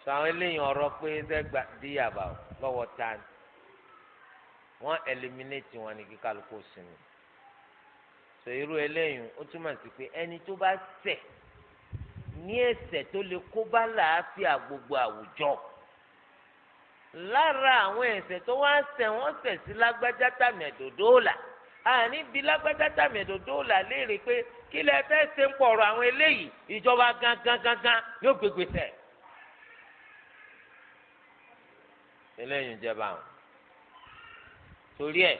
sọ àwọn eléyìí ọ̀rọ̀ pé sẹgbà díyàbá lọ́wọ́ ta ni wọn ẹlẹmínétì wọn ní kíkálukú sinmi sọ irú eléyìí ó túmọ̀ sí pé ẹni tó bá ṣẹ̀ ní ẹ̀ṣẹ̀ tó lè kó bá làáfíà gbogbo àwùjọ lára àwọn ẹ̀ṣẹ̀ tó wá ṣẹ̀ wọ́n ṣẹ̀ sí lágbájá tàmí ẹdòdó là àní bí lágbájá tàmì ẹ̀dọ̀dọ̀ là léèrè pé kí lẹ fẹ́ ṣe ń pọ̀rọ̀ àwọn eléyìí ìjọba gangan gangan yóò gbégbé sẹ̀. eléyìí ń jẹba àwọn torí ẹ̀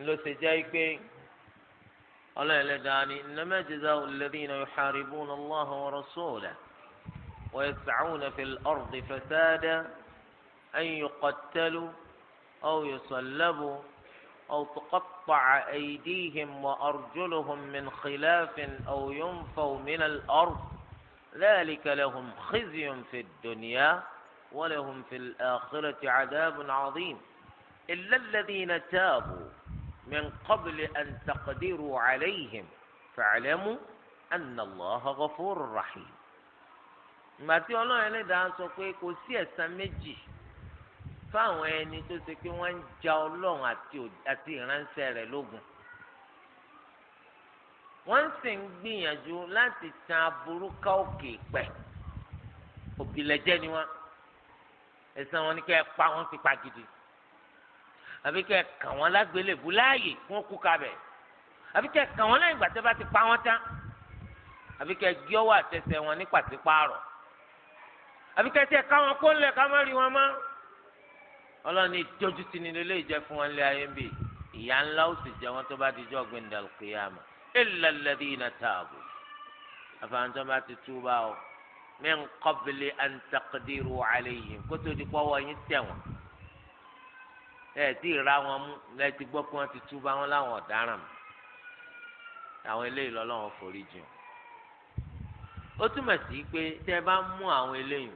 ńlọ ṣe jẹ́ pé ọlọ́run ẹlẹ́dàá ni innama jaza'u alladhina yuharibuna Allaha wa rasulahu wa yas'una fil ardi fasada an yuqattalu aw yusallabu. أو تقطع أيديهم وأرجلهم من خلاف أو ينفوا من الأرض ذلك لهم خزي في الدنيا ولهم في الآخرة عذاب عظيم إلا الذين تابوا من قبل أن تقدروا عليهم فاعلموا أن الله غفور رحيم. ما تقولون إليه ده سوكي كوسية سمجي fáwọn ẹni tó ṣe pé wọ́n ń ja ọlọ́run àti ìránṣẹ́ rẹ̀ lógun wọ́n sì ń gbìyànjú láti tan aburú ká òkè pẹ̀ òbílẹ̀jẹ́ ni wọ́n ẹ̀sán wọn ni kẹ́ ẹ pa wọ́n ti pa gidi àbí kẹ́ ẹ kàn wọ́n lágbélébú láàyè fún òkú kabẹ̀ àbí kẹ́ ẹ kàn wọ́n láyìn gbàtẹ́ bá ti pa wọ́n tán àbí kẹ́ ẹ gé ọwọ́ àtẹsẹ̀ wọn ní pàṣípààrọ̀ àbí kẹ́ ẹ tiẹ̀ ká wọn kó lẹ̀ ká má rí wọn mọ́ ọlọ́ni ìtọ́jú ti ní lélẹ́ ìjẹ́ fún wọn lé ayé ń bì ìyá ńlá ó sì jẹ wọn tó bá di jọ́ gbẹ̀ndà al-qiyama illa alladhina tabu àfàǹtọ́ bá ti tú bá o min qabli an taqdiru alayhim kótó di pọ́wọ́ yín tẹ̀ wọ́n tí ì ra wọn mú lẹ ti gbọ́ pé wọ́n ti tú bá wọn láwọn ọ̀daràn mu àwọn eléyìí lọ́lọ́wọ́n forí jìn ó túmọ̀ sí pé tẹ́ bá mú àwọn eléyìí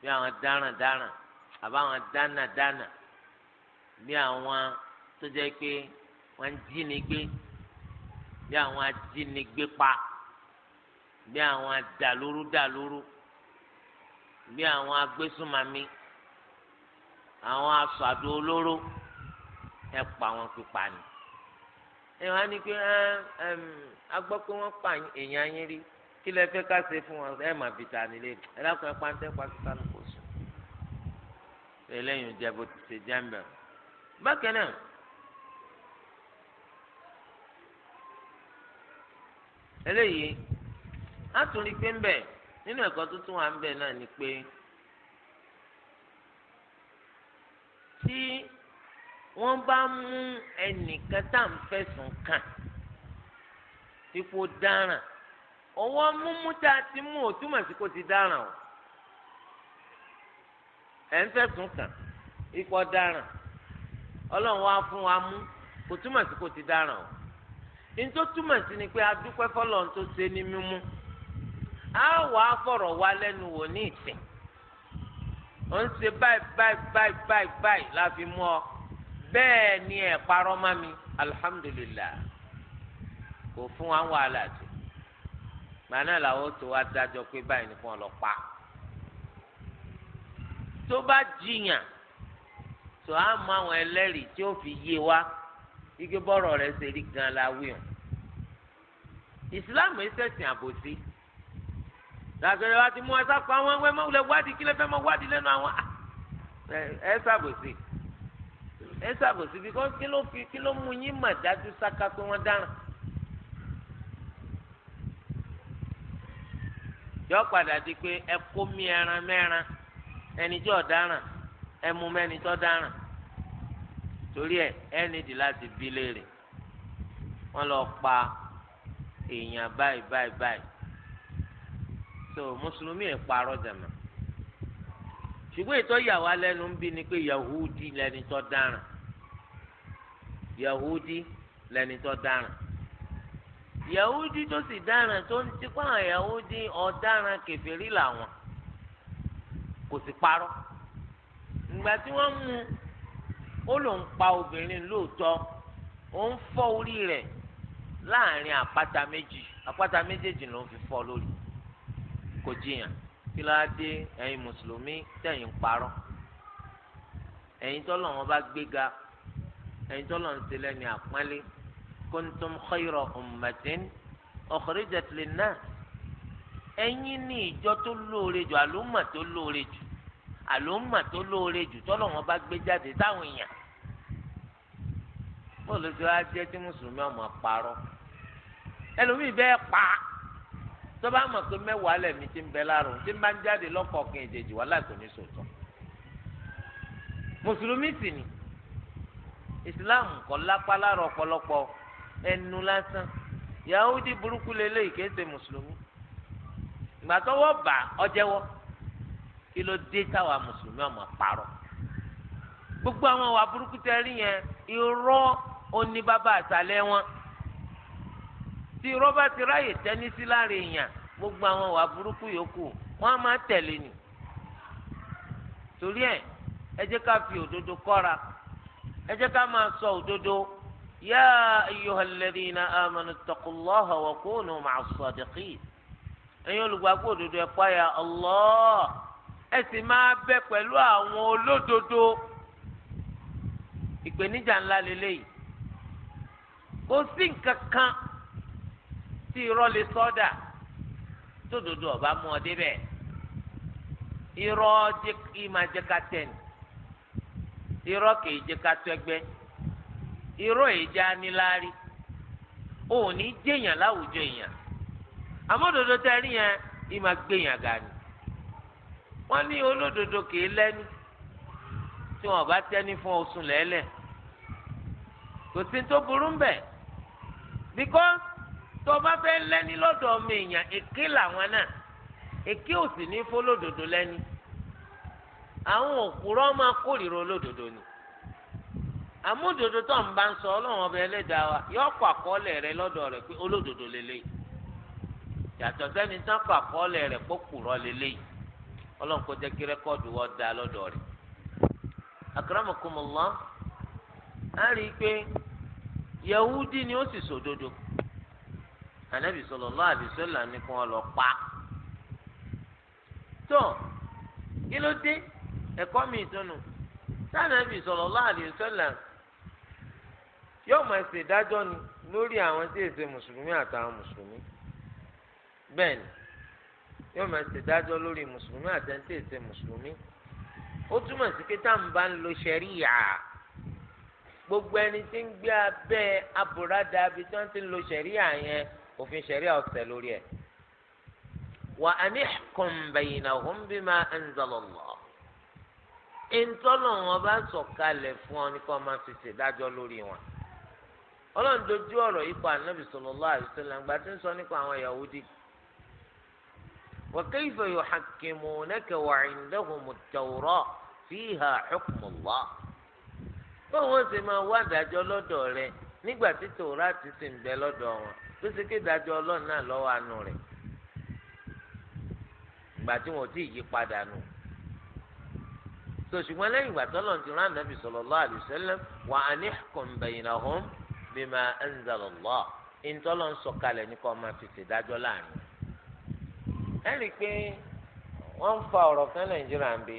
bí àwọn darandaran àbáwọn dánadána bí àwọn tó jẹ́ pé wọ́n ń jínigbé bí àwọn ajínigbé pa bí àwọn dàlúrú dàlúrú bí àwọn agbésùnmami àwọn asọ̀dù olóró ẹ pa wọn pípa ni ẹ wá ní pé a gbọ́ pé wọ́n pa èèyàn yín rí kí lẹ fẹ́ ká ṣe fún wọn ẹ mà bìtà nílé ẹ dákun ẹ pa ń tẹ́ pa sísá lọ eléyìí jẹ bó ti ṣe jẹ ń bẹ bákan náà eléyìí látúndí pé ń bẹ nínú ẹ̀kọ́ tuntun wà ń bẹ náà ni pé tí wọ́n bá mú ẹnìkan tá à ń fẹ̀sùn kàn ipò dáràn ọwọ́ múmú tá a ti mú òtúmọ̀ sí kó ti dáràn o ẹ̀ ń fẹ̀sùn kàn ipò ọ̀daràn ọlọ́run wá fún wa mú kò túmọ̀ sí kò ti dáràn o nítorí túmọ̀ sí ni pé adúpẹ́ fọlọ́run tó ṣe ní mímú á wàá fọ̀rọ̀ wá lẹ́nu wò ní ìsìn ó ń ṣe báyìí báyìí báyìí báyìí báyìí la fi mú ọ bẹ́ẹ̀ ni ẹ̀ parọ́ mọ́ mi alihamudulilayi kò fún wa wàhálà tó gbaná làwọn tó wá dájọ́ pé báyìí ni fún ọ lọ pa tó bá jiyàn tó a mọ àwọn ẹlẹ́rìí tí ó fi yé wa igi bọ́rọ̀ rẹ̀ ṣe rí gan la wíwọ̀n ìsìláàmù ẹ̀sẹ̀sìn àbòsí làgbẹ̀rẹ̀ wa ti mú ẹ̀sà pa àwọn ẹ̀wẹ̀ mọ̀wulẹ̀ wádìí kílẹ̀ fẹ́ mọ̀ wádìí lẹ́nu àwọn ẹ̀sàbòsí ẹ̀sàbòsí bíkọ́ kí ló fi kí ló mú yín mà dájú sáká pé wọ́n dáràn yọ padà di pé ẹ kó mi ẹran mẹ́ran. ẹni tí ọ̀daràn ẹmu mẹ́ni tó dáràn torí ẹ ẹnìdí láti bí léèrè wọ́n lọ pa èèyàn báyìí báyìí báyìí so mùsùlùmí ẹ̀ parọ́ jàmọ́ ṣùgbọ́n ìtọ́ yàwá lẹ́nu ń bí ni pé yahudi lẹni tó dáràn yahudi lẹni tó dáràn yahudi tó sì dáràn tó ń tipa yahudi ọ̀daràn kèfèrí làwọn kò sì parọ́ ìgbà tí wọ́n mú ó lòun pa obìnrin lóòótọ́ òun fọ́ orí rẹ̀ láàrin àpáta méjì àpáta méjèèjì ló ń fi fọ́ lórí kò jiyàn kí ló á dé ẹ̀yin mùsùlùmí tẹ̀yin parọ́ ẹ̀yin tọ́lọ̀ wọn bá gbéga ẹ̀yin tọ́lọ̀ ń tilẹ̀ ní àpọ́nlé kuntum khayra ummatin ukhrijat lin-nas ẹ̀yin ní ìjọ tó lóore jù àlùmọ̀ tó lóore jù àlùmọ̀ tó lóore jù tọ́lọ̀ wọn bá gbé jáde táwọn èèyàn bó ló ti wá jẹ́ tí mùsùlùmí ọmọ parọ́ ẹlòmíì bẹ́ẹ̀ pa tó bá mọ̀ pé mẹ́wàá lẹ̀mí ti ń bẹ lárùn tí máa ń jáde lọ́kọ̀ọ̀kan ìdèjì wà láì kò sòtọ́ mùsùlùmí sì ni ìsìláàmù kọ́ lápá lára ọ̀pọ̀lọpọ̀ ẹnu lásán yahudi burúkú lélẹ́yìí kìí mùsùlùmí ìgbà tọ́wọ́ bà ọjẹwọ kí ló dé táwa mùsùlùmí ọmọ parọ́ gbogbo àwọn ìwà burúkú tẹ́ rí yẹn irọ́ àtàlẹ́ wọn tí irọ́ bá ti ráyè tẹ́ni sí lára èèyàn gbogbo àwọn ìwà burúkú yòókù wọn á máa tẹ̀lé ni torí ẹ̀ ẹ jẹ́ ká fi òdodo kọ́ra sọ òdodo ẹ̀yin olùgbàgbọ́ òdodo ẹ ọlọọ Allah ẹ sì máa bẹ pẹ̀lú àwọn olódodo ìpèníjà ńlá lélẹ́yìí kò sí dodo ọba mú ọ débẹ̀ irọ́ máa jẹ́ ká tẹ̀lé irọ́ kìí jẹ́ ká tó ẹgbẹ́ irọ́ níláárí òní àmọ́dodo tẹ ẹni yẹn yìí máa gbé yàn ga ni wọ́n ní olódodo kìí lẹ́nu tí wọn bá tẹ́ni fún oṣù lẹ́lẹ̀ kò sí tó burú ń tó bá fẹ́ lẹ́ni lọ́dọ̀ ọmọ èèyàn èké làwọn náà èké ò sì ní fọlódodo lẹ́ni àwọn máa kórìíra olódodo ni tó ń bá ń sọ wa yọ rẹ rẹ pé olódodo yàtọ̀ sẹ́ni tán kọ àkọọ́lẹ̀ rẹ̀ kpókùrọ̀ lélẹ́yìí ọlọ́run kó jẹ́ kí rẹ́kọ́ọ̀dù wọ́n da lọ́dọ̀ rẹ̀. akramakumullah á rí i pé yahudi ni ó sì sòdodo anabi sallallahu alaihi wasallam ni kò lọ pa tó kí ló dé ẹ̀kọ́ mi ìtọ́nu sanabi sallallahu alaihi wasallam yóò máa ṣèdájọ́ ni lórí àwọn tí èsè mùsùlùmí àtàwọn mùsùlùmí bẹ́ẹ̀ ni yóò máa ṣèdájọ́ lórí mùsùlùmí àtẹ̀ǹtẹ̀ ìṣe mùsùlùmí ó túmọ̀ sí pé tá à ń bá ń lo ṣẹ̀ríyà gbogbo ẹni tí ń gbé abẹ́ abùradà àbí tí wọ́n ti ń lo ṣẹ̀ríyà yẹn òfin ṣẹ̀ríyà ọ̀sẹ̀ lórí ẹ̀ wà á ní kọ̀m̀bẹ̀yìnà òun bí máa ń zọlọ̀ lọ ìtọ́lọ̀ wọn bá sọ̀kalẹ̀ fún ọ ní kó máa fi ṣèdájọ́ lórí wọn ọlọ́run dojú ọ̀rọ̀ yìí pa ànábì sallallahu alaihi wasallam ń sọ nípa àwọn Yahudi وكيف يحكمونك وعندهم التوراة فيها حكم الله báwọn ṣe máa wá ìdájọ́ lọ́dọ̀ rẹ nígbà tí tòrá ti sì ń bẹ lọ́dọ̀ wọn tó ṣe ké ìdájọ́ ọlọ́run náà lọ́wọ́ àánú rẹ̀ ìgbà tí wọn ò tíì yí padà nù. sòṣùgbọ́n lẹ́yìn ìgbà tọ́lọ̀ ti rán ànábì sallallahu alaihi wasallam wa anihkum bainahum bima anzala Allah ìntọ́lọ́ ń sọ̀kalẹ̀ ní kó máa fi ṣèdájọ́ láàrin. ẹ rí pé wọ́n fa ọrọ fún nàìjíríà ń bí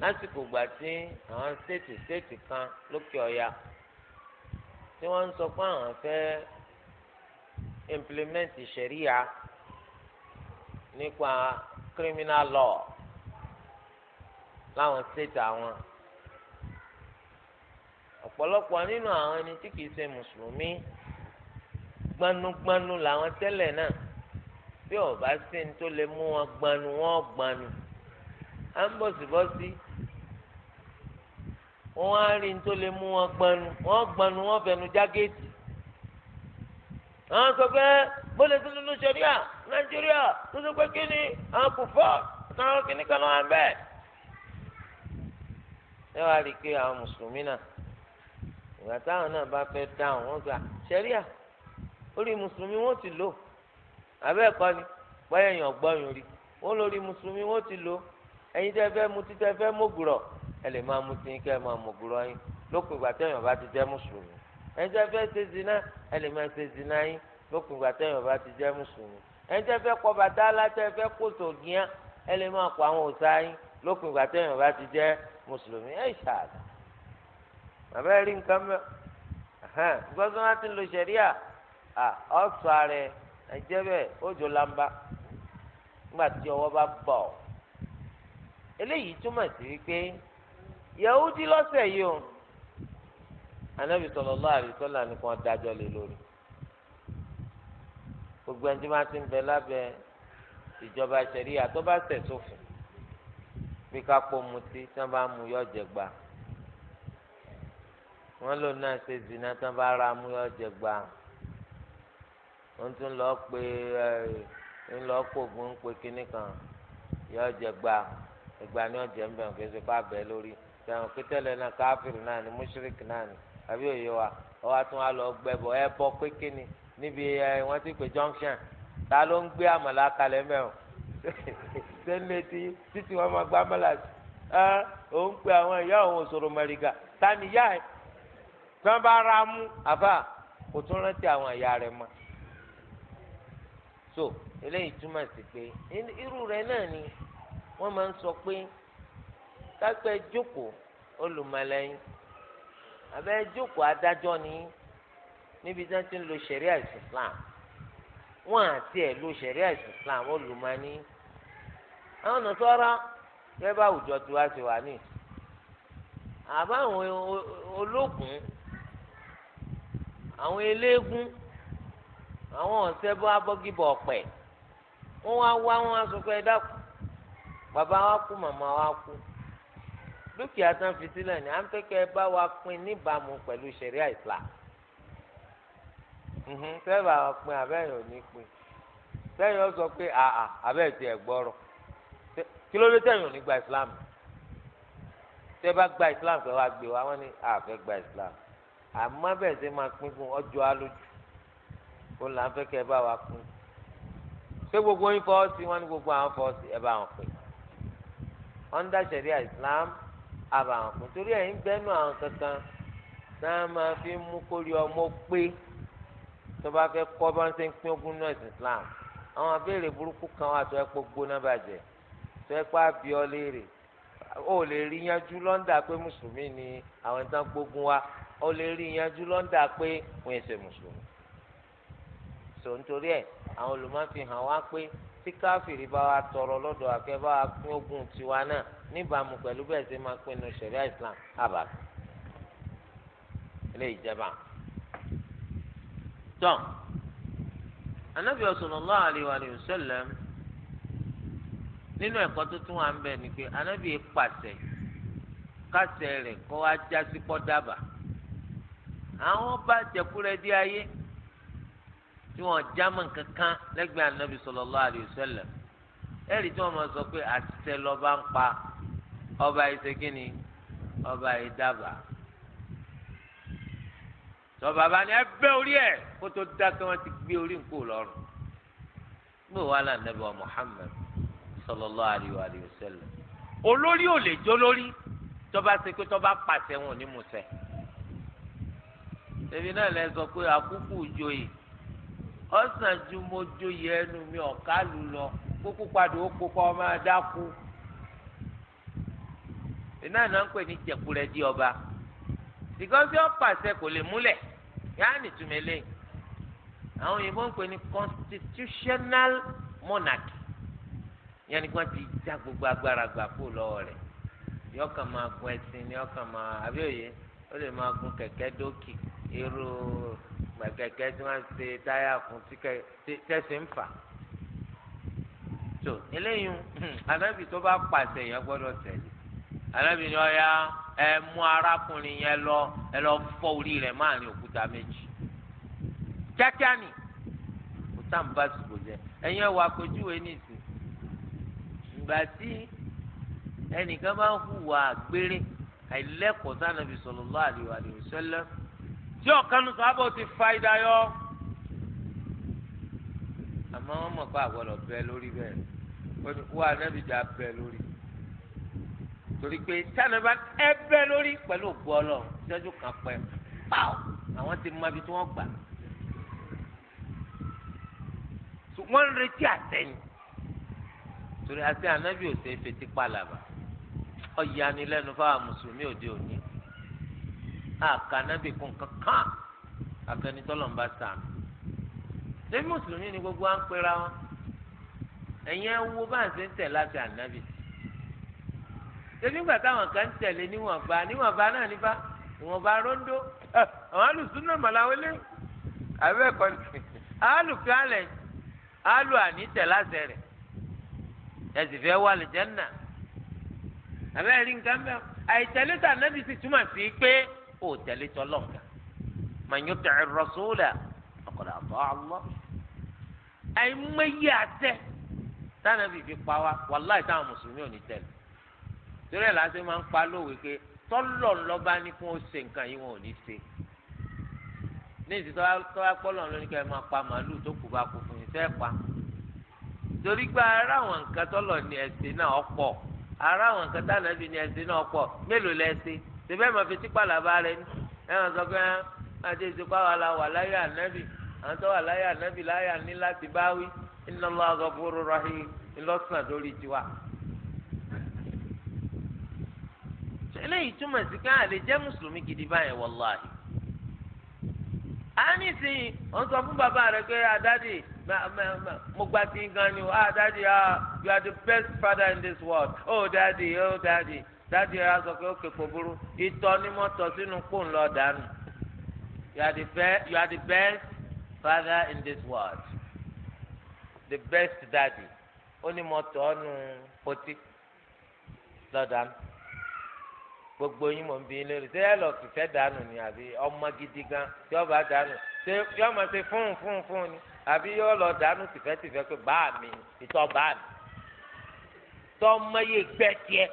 lásìkò gbà tí àwọn stéètì stéètì kan lókè ọyà tí wọn ń sọ pé àwọn fẹ́ implement ṣẹ̀ríà nípa criminal law láwọn stéètì àwọn ọ̀pọ̀lọpọ̀ nínú àwọn ẹni tí kìí ṣe mùsùlùmí gbanugbanu làwọn tẹ́lẹ̀ náà. bí ọba sí ní tó lè mú wọn gbanu wọn gbanu à ń bọ̀sibọ́sí wọn á rí ní tó lè mú wọn gbanu wọn gbanu wọn fẹnu jágéètì àwọn sọ pé bólú tó lulú sẹríà nàìjíríà tó sọ pé kí ni àwọn kò fọ àwọn kìnnì kan náà ń bẹ. ẹ wá rí i pé àwọn mùsùlùmí náà ìgbà táwọn náà bá fẹ́ dáhùn wọn gbà sẹríà orí mùsùlùmí wọn ti lò àbẹ́ ẹ̀kọ́ ni báyọ̀ yàn gbọ́yàn rí wọ́n lórí mùsùlùmí wọ́n ti lò ẹ̀yin tẹ́ fẹ́ mutí tẹ́ fẹ́ mọ́gùrọ̀ ẹ lè máa mutí kẹ́ ẹ máa mọ́gùrọ̀ yín lópin ìgbà tẹ́yàn bá ti jẹ́ mùsùlùmí ẹ̀yin tẹ́ fẹ́ ṣe zina ẹ lè máa ṣe zina yín lópin ìgbà tẹ́yàn bá ti jẹ́ mùsùlùmí ẹ̀yin tẹ́ fẹ́ kọ bàtálá tẹ́ fẹ́ kó sògìyàn ẹ lè máa kọ àwọn òòṣà yín lópin ìgbà tẹ́yàn bá ti jẹ́ mùsùlùmí ẹ̀ ṣáàdà àbẹ́ rí nǹkan mẹ́ gbọ́dọ̀ láti lo ṣẹ̀ríà ẹjẹ bẹ́ẹ̀ ó jọ lamba nígbà tí ọwọ́ bá bọ̀ ọ́ eléyìí túmọ̀ sí wípé yahudi lọ́sẹ̀ yìí o anabi sallallahu alaihi wasallam nìkan dájọ́ lé lórí gbogbo ẹni tí wọ́n ti ń bẹ lábẹ́ ìjọba ṣẹ̀ríà tó bá ṣẹ̀ sófin bí ká pọ̀ mutí tí wọ́n bá mú yọ jẹ gbà wọ́n lò náà ṣe zina tí wọ́n bá ra mú yọ gbà wọ́n tún lọ pé ẹ ńlọ pògùn ń pe kinní kan yọ jẹ gba ìgbà ni ọjẹ ń bẹ wọn kìí ṣe bá bẹ lórí tẹwọn kítẹlẹ náà káfíìrì náà ni mùṣírìkì náà ni àbí òye wa ọwọ́ tún wá lọ gbẹbọ ẹ bọ pé kinní níbi ẹ wọ́n ti pè junction ta ló ń gbé àmàlà kalẹ̀ mẹ́wọ̀n sẹ́ńdẹ̀tì títí wọn máa gbá àmàlà sí ẹ òun pe àwọn ìyá òun òṣòro mẹ́ríkà ta yá ẹ tí bá ra mú àbá kò tún rántí àwọn ìyá rẹ̀ mọ́ so eléyìí túmọ̀ sí pé irú rẹ̀ náà ni wọ́n máa ń sọ pé kápẹ́ jókòó olùmọ̀lẹ́yìn abẹ́ jókòó adájọ́ ni níbi tí wọ́n ti ń lo ṣẹ̀ríà Islam wọ́n àti ẹ̀ lo ṣẹ̀ríà Islam olùmọ̀ni àwọn ọ̀nà sọ́ra gẹ́gẹ́ bá àwùjọ tiwa ti wà ní àbáwọn ológun àwọn eléégún àwọn ọ̀sẹ́ bọ́ abọ́gibọ̀ ọ̀pẹ̀ wọ́n wá wá wọ́n á sọ pé ẹ dákun bàbá wa kú màmá wa kú dúkìá tán fi sílẹ̀ ní à ń fẹ́ kẹ́ ẹ bá wa pín níbàámu pẹ̀lú ṣẹ̀ríà ìsìlá sẹ́ẹ̀bà wa pín abẹ́yẹn ò ní pín sẹ́yìn ó sọ pé àà abẹ́ẹ̀ tiẹ̀ gbọ́rọ̀ kí ló dé tẹ̀yìn ò ní gba ìsìlámù tẹ́ bá gba ìsìlámù fẹ́ wá gbé wa wọ́n ní àfẹ́ gba ìsìlámù àmọ́ bẹ́ẹ̀ sẹ́ máa pín fún ọjọ́ alójú kó là ń fẹ́ kẹ́ ẹ bá wa kún ṣé gbogbo yín fọwọ́ sí wọn ní gbogbo àwọn fọwọ́ sí ẹ bá wọn pè under sharia islam àbà wọn kún torí ẹ̀ ń gbẹ́nu àwọn kankan náà máa fi mú kórè ọmọ pé tó bá fẹ́ kọ́ bá ń ṣe ń pín ogún náà islam àwọn abéèrè burúkú kan wà tó ẹ pé gbóná bàjẹ́ tó ẹ pé àbíọ́ léèrè o lè rí yanjú lọ́ndà pé mùsùlùmí ni àwọn ìtàn gbógun wa o lè rí yanjú lọ́ndà pé wọ́n ṣe mùsùlùmí sọ nítorí ẹ̀ àwọn olùmọ̀fi hàn wá pé tí káfíìrì bá wa tọrọ lọ́dọ̀ àfẹ́ bá wa pín ogún tiwa náà níbàámu pẹ̀lú bẹ́ẹ̀ ṣe máa pinnu ṣẹ̀ríà Islam àbá ilé ìjẹba. tọ́ anábì sallallahu alaihi wa sallam nínú ẹ̀kọ́ tó tún wà ń bẹ ni pé anábì pàṣẹ kásẹ̀ rẹ̀ kọ́ wá jásí pọ́ dábàá àwọn bá jẹkúrẹ́ dí ayé tí wọn jámọ́ kankan lẹ́gbẹ̀ẹ́ anabi sallallahu alaihi wasallam ẹ̀rí tí wọn máa sọ pé àtẹ lọ́ba ń pa ọba ìṣègìní ọba ìdàbà tọ́ bàbá ni ẹ bẹ́ orí ẹ̀ kó tó dákẹ́ wọn ti gbé orí nǹkó lọ́rùn gbé wàhálà anabi wa Muhammad sallallahu alaihi wasallam olórí ò lè jó lórí tọ́ba ṣe pé tọ́ba pàṣẹ wọn ò ní mú ṣẹ ṣèbí náà lẹ sọ pé àkúkú joyè. ọsàn ju mo joyè ẹnu mi ọ̀ká lù lọ kókó padà ó kó kọ́ máa iná náà ń pè ní di ọba because kò lè múlẹ̀ ni àwọn òyìnbó ń pè ní constitutional monarchy wọ́n ti já gbogbo agbára gbà lọ́wọ́ rẹ̀ máa gun ni irú kẹ̀kẹ́ tí wọ́n ṣe táyà fún tẹ̀sí ń fà tó eléyìí anábì tó bá pàṣẹ yẹn gbọ́dọ̀ tẹ̀lé anábì ni ọ̀ya ẹ mú arákùnrin yẹn lọ ẹ lọ fọ́ orí rẹ̀ máa ní òkúta méjì kíákíá ni òkúta ń bá sùkò jẹ ẹ̀yin ẹ̀ wọ àpèjúwe nìsín ìgbà tí ẹnìkan bá ń hùwà gbére àìlẹ́kọ̀ọ́ sànàbì sallallahu alaihi wa sallam tí ọ̀kanu sábà ti fa ìdáyọ. àmọ́ wọ́n mọ̀ pé àgbọ̀dọ̀ bẹ lórí bẹ́ẹ̀ wọ́n anábìjà bẹ lórí torí pé sani bá ẹ bẹ lórí pẹ̀lú ògbó ọlọ́run ìṣẹ́jú kan pẹ́ pàó àwọn ti mọ ibi tí wọ́n gbà wọ́n ń retí àtẹ̀yìn torí àti ànábì ò ṣe é fetí pàlàbà ọ̀yanilẹ́nu fáwọn mùsùlùmí òde òní àkà nábì kún kankan àfẹnitọ́lọ̀ ń bá sàmì. ṣé mùsùlùmí ni gbogbo à ń pera wọn ẹ̀yin ẹ wo bá ń ṣe ń tẹ̀ láti ànábì. ṣé nígbà táwọn kan ń tẹ̀lé níwọ̀nba níwọ̀nba náà nípa ìwọ̀nba róńdó àwọn alùsùn náà màláwé lé àbẹ́ẹ̀kọ́ ni alùpùpù alẹ̀ alù àní tẹ̀ láti rẹ̀ ẹ̀sì fẹ́ wà lè jẹ́ nà àbẹ́ẹ̀rí nǹkan mẹ́wàá àìtẹ́lẹ́tà kó o tẹ̀lé tọ́lọ́ǹkà man yuti'i rasula faqad ata'a Allah. àìmọye àtẹ tánàbì fi pa wá wàláì táwọn mùsùlùmí ò ní tẹ̀lé torí ẹ̀ láti máa ń pa lóòwe pé tọ́lọ̀ lọ́ba ní kí wọ́n ṣe nǹkan yìí wọn ò ní ṣe ní ìsìtọ́ tọ́wá ara àwọn nǹkan tọ́lọ̀ ní ẹ̀sìn ara àwọn nǹkan ní ẹ̀sìn náà ọ̀pọ̀ mélòó lẹ́sìn síbẹ̀ máa fi tipa làbá rẹ ní ẹ máa sọ pé àti ìsìnkú àwọn aláwà láyé ànábì àwọn tó wà láyé ànábì láyé àní láti báwí inna Allaha ghafurur rahim ńlọ́sàn lórí tiwa. eléyìí túmọ̀ sí pé àlè jẹ́ mùsùlùmí gidi báyẹn wàláhì. a ní sìn ó sọ fún bàbá rẹ pé àdádì ah, mo gba ti gan ni o àdádì ah, ah, you are the best father in this world oh daddy oh daddy dáàdi rẹ sọ pé ó ké kòbúrú ìtọ̀ ni mo tọ̀ sínú kóun lọ dànù you are the best you are the best father in this world the best daddy ó ní mo tọ̀ ọ́ nu potí lọ dànù gbogbo yín mọ̀ ń bí lórí ṣé ẹ lọ fìfẹ́ dànù ni àbí ọmọ gidi gan tí ọba dànù ṣé yọ ọmọ ṣe fún fún fún ni àbí yọ lọ dànù tìfẹ́tìfẹ́ pé bá mi ìtọ́ bá mi tọ́ mọ iye gbẹ́ tiẹ̀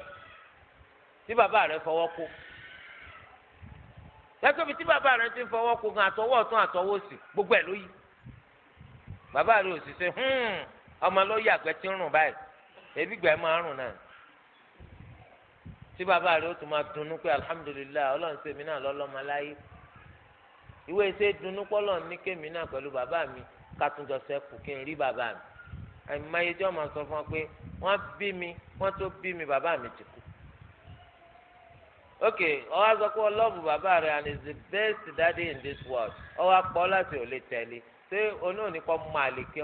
tí bàbá rẹ fọwọ́ kó lẹ́kọ̀ọ́ bí tí bàbá rẹ ti ń fọwọ́ kó gan àtọwọ́ ọ̀tún àtọwọ́ òsì gbogbo ẹ̀ ló yí bàbá rẹ òsì ṣe hmm, ọmọ ló yí àgbẹ̀ tí ń rùn báyìí ebi gbẹ̀ máa ń rùn náà tí bàbá rẹ ó tún máa dunnú pé alihamudulilayi ọlọ́run ṣe mí náà lọ́lọ́mọ láyé ìwé ṣe dunnú pọ́lọ́ ní kémi náà pẹ̀lú bàbá mi kàtúndọ̀ sẹ́kù kí n rí bàbá mi àìmáyéjọ́ máa sọ fún wa pé wọ́n bí mi wọ́n tó bí mi bàbá mi ti kú okay ọwọ azọkọ ọlọ́ọ̀bù bàbá rẹ and is the best daddy in this world ọwọ akpọ láti ò lè tẹ̀lé ṣé onáà ní kọ́ mọ àlè kí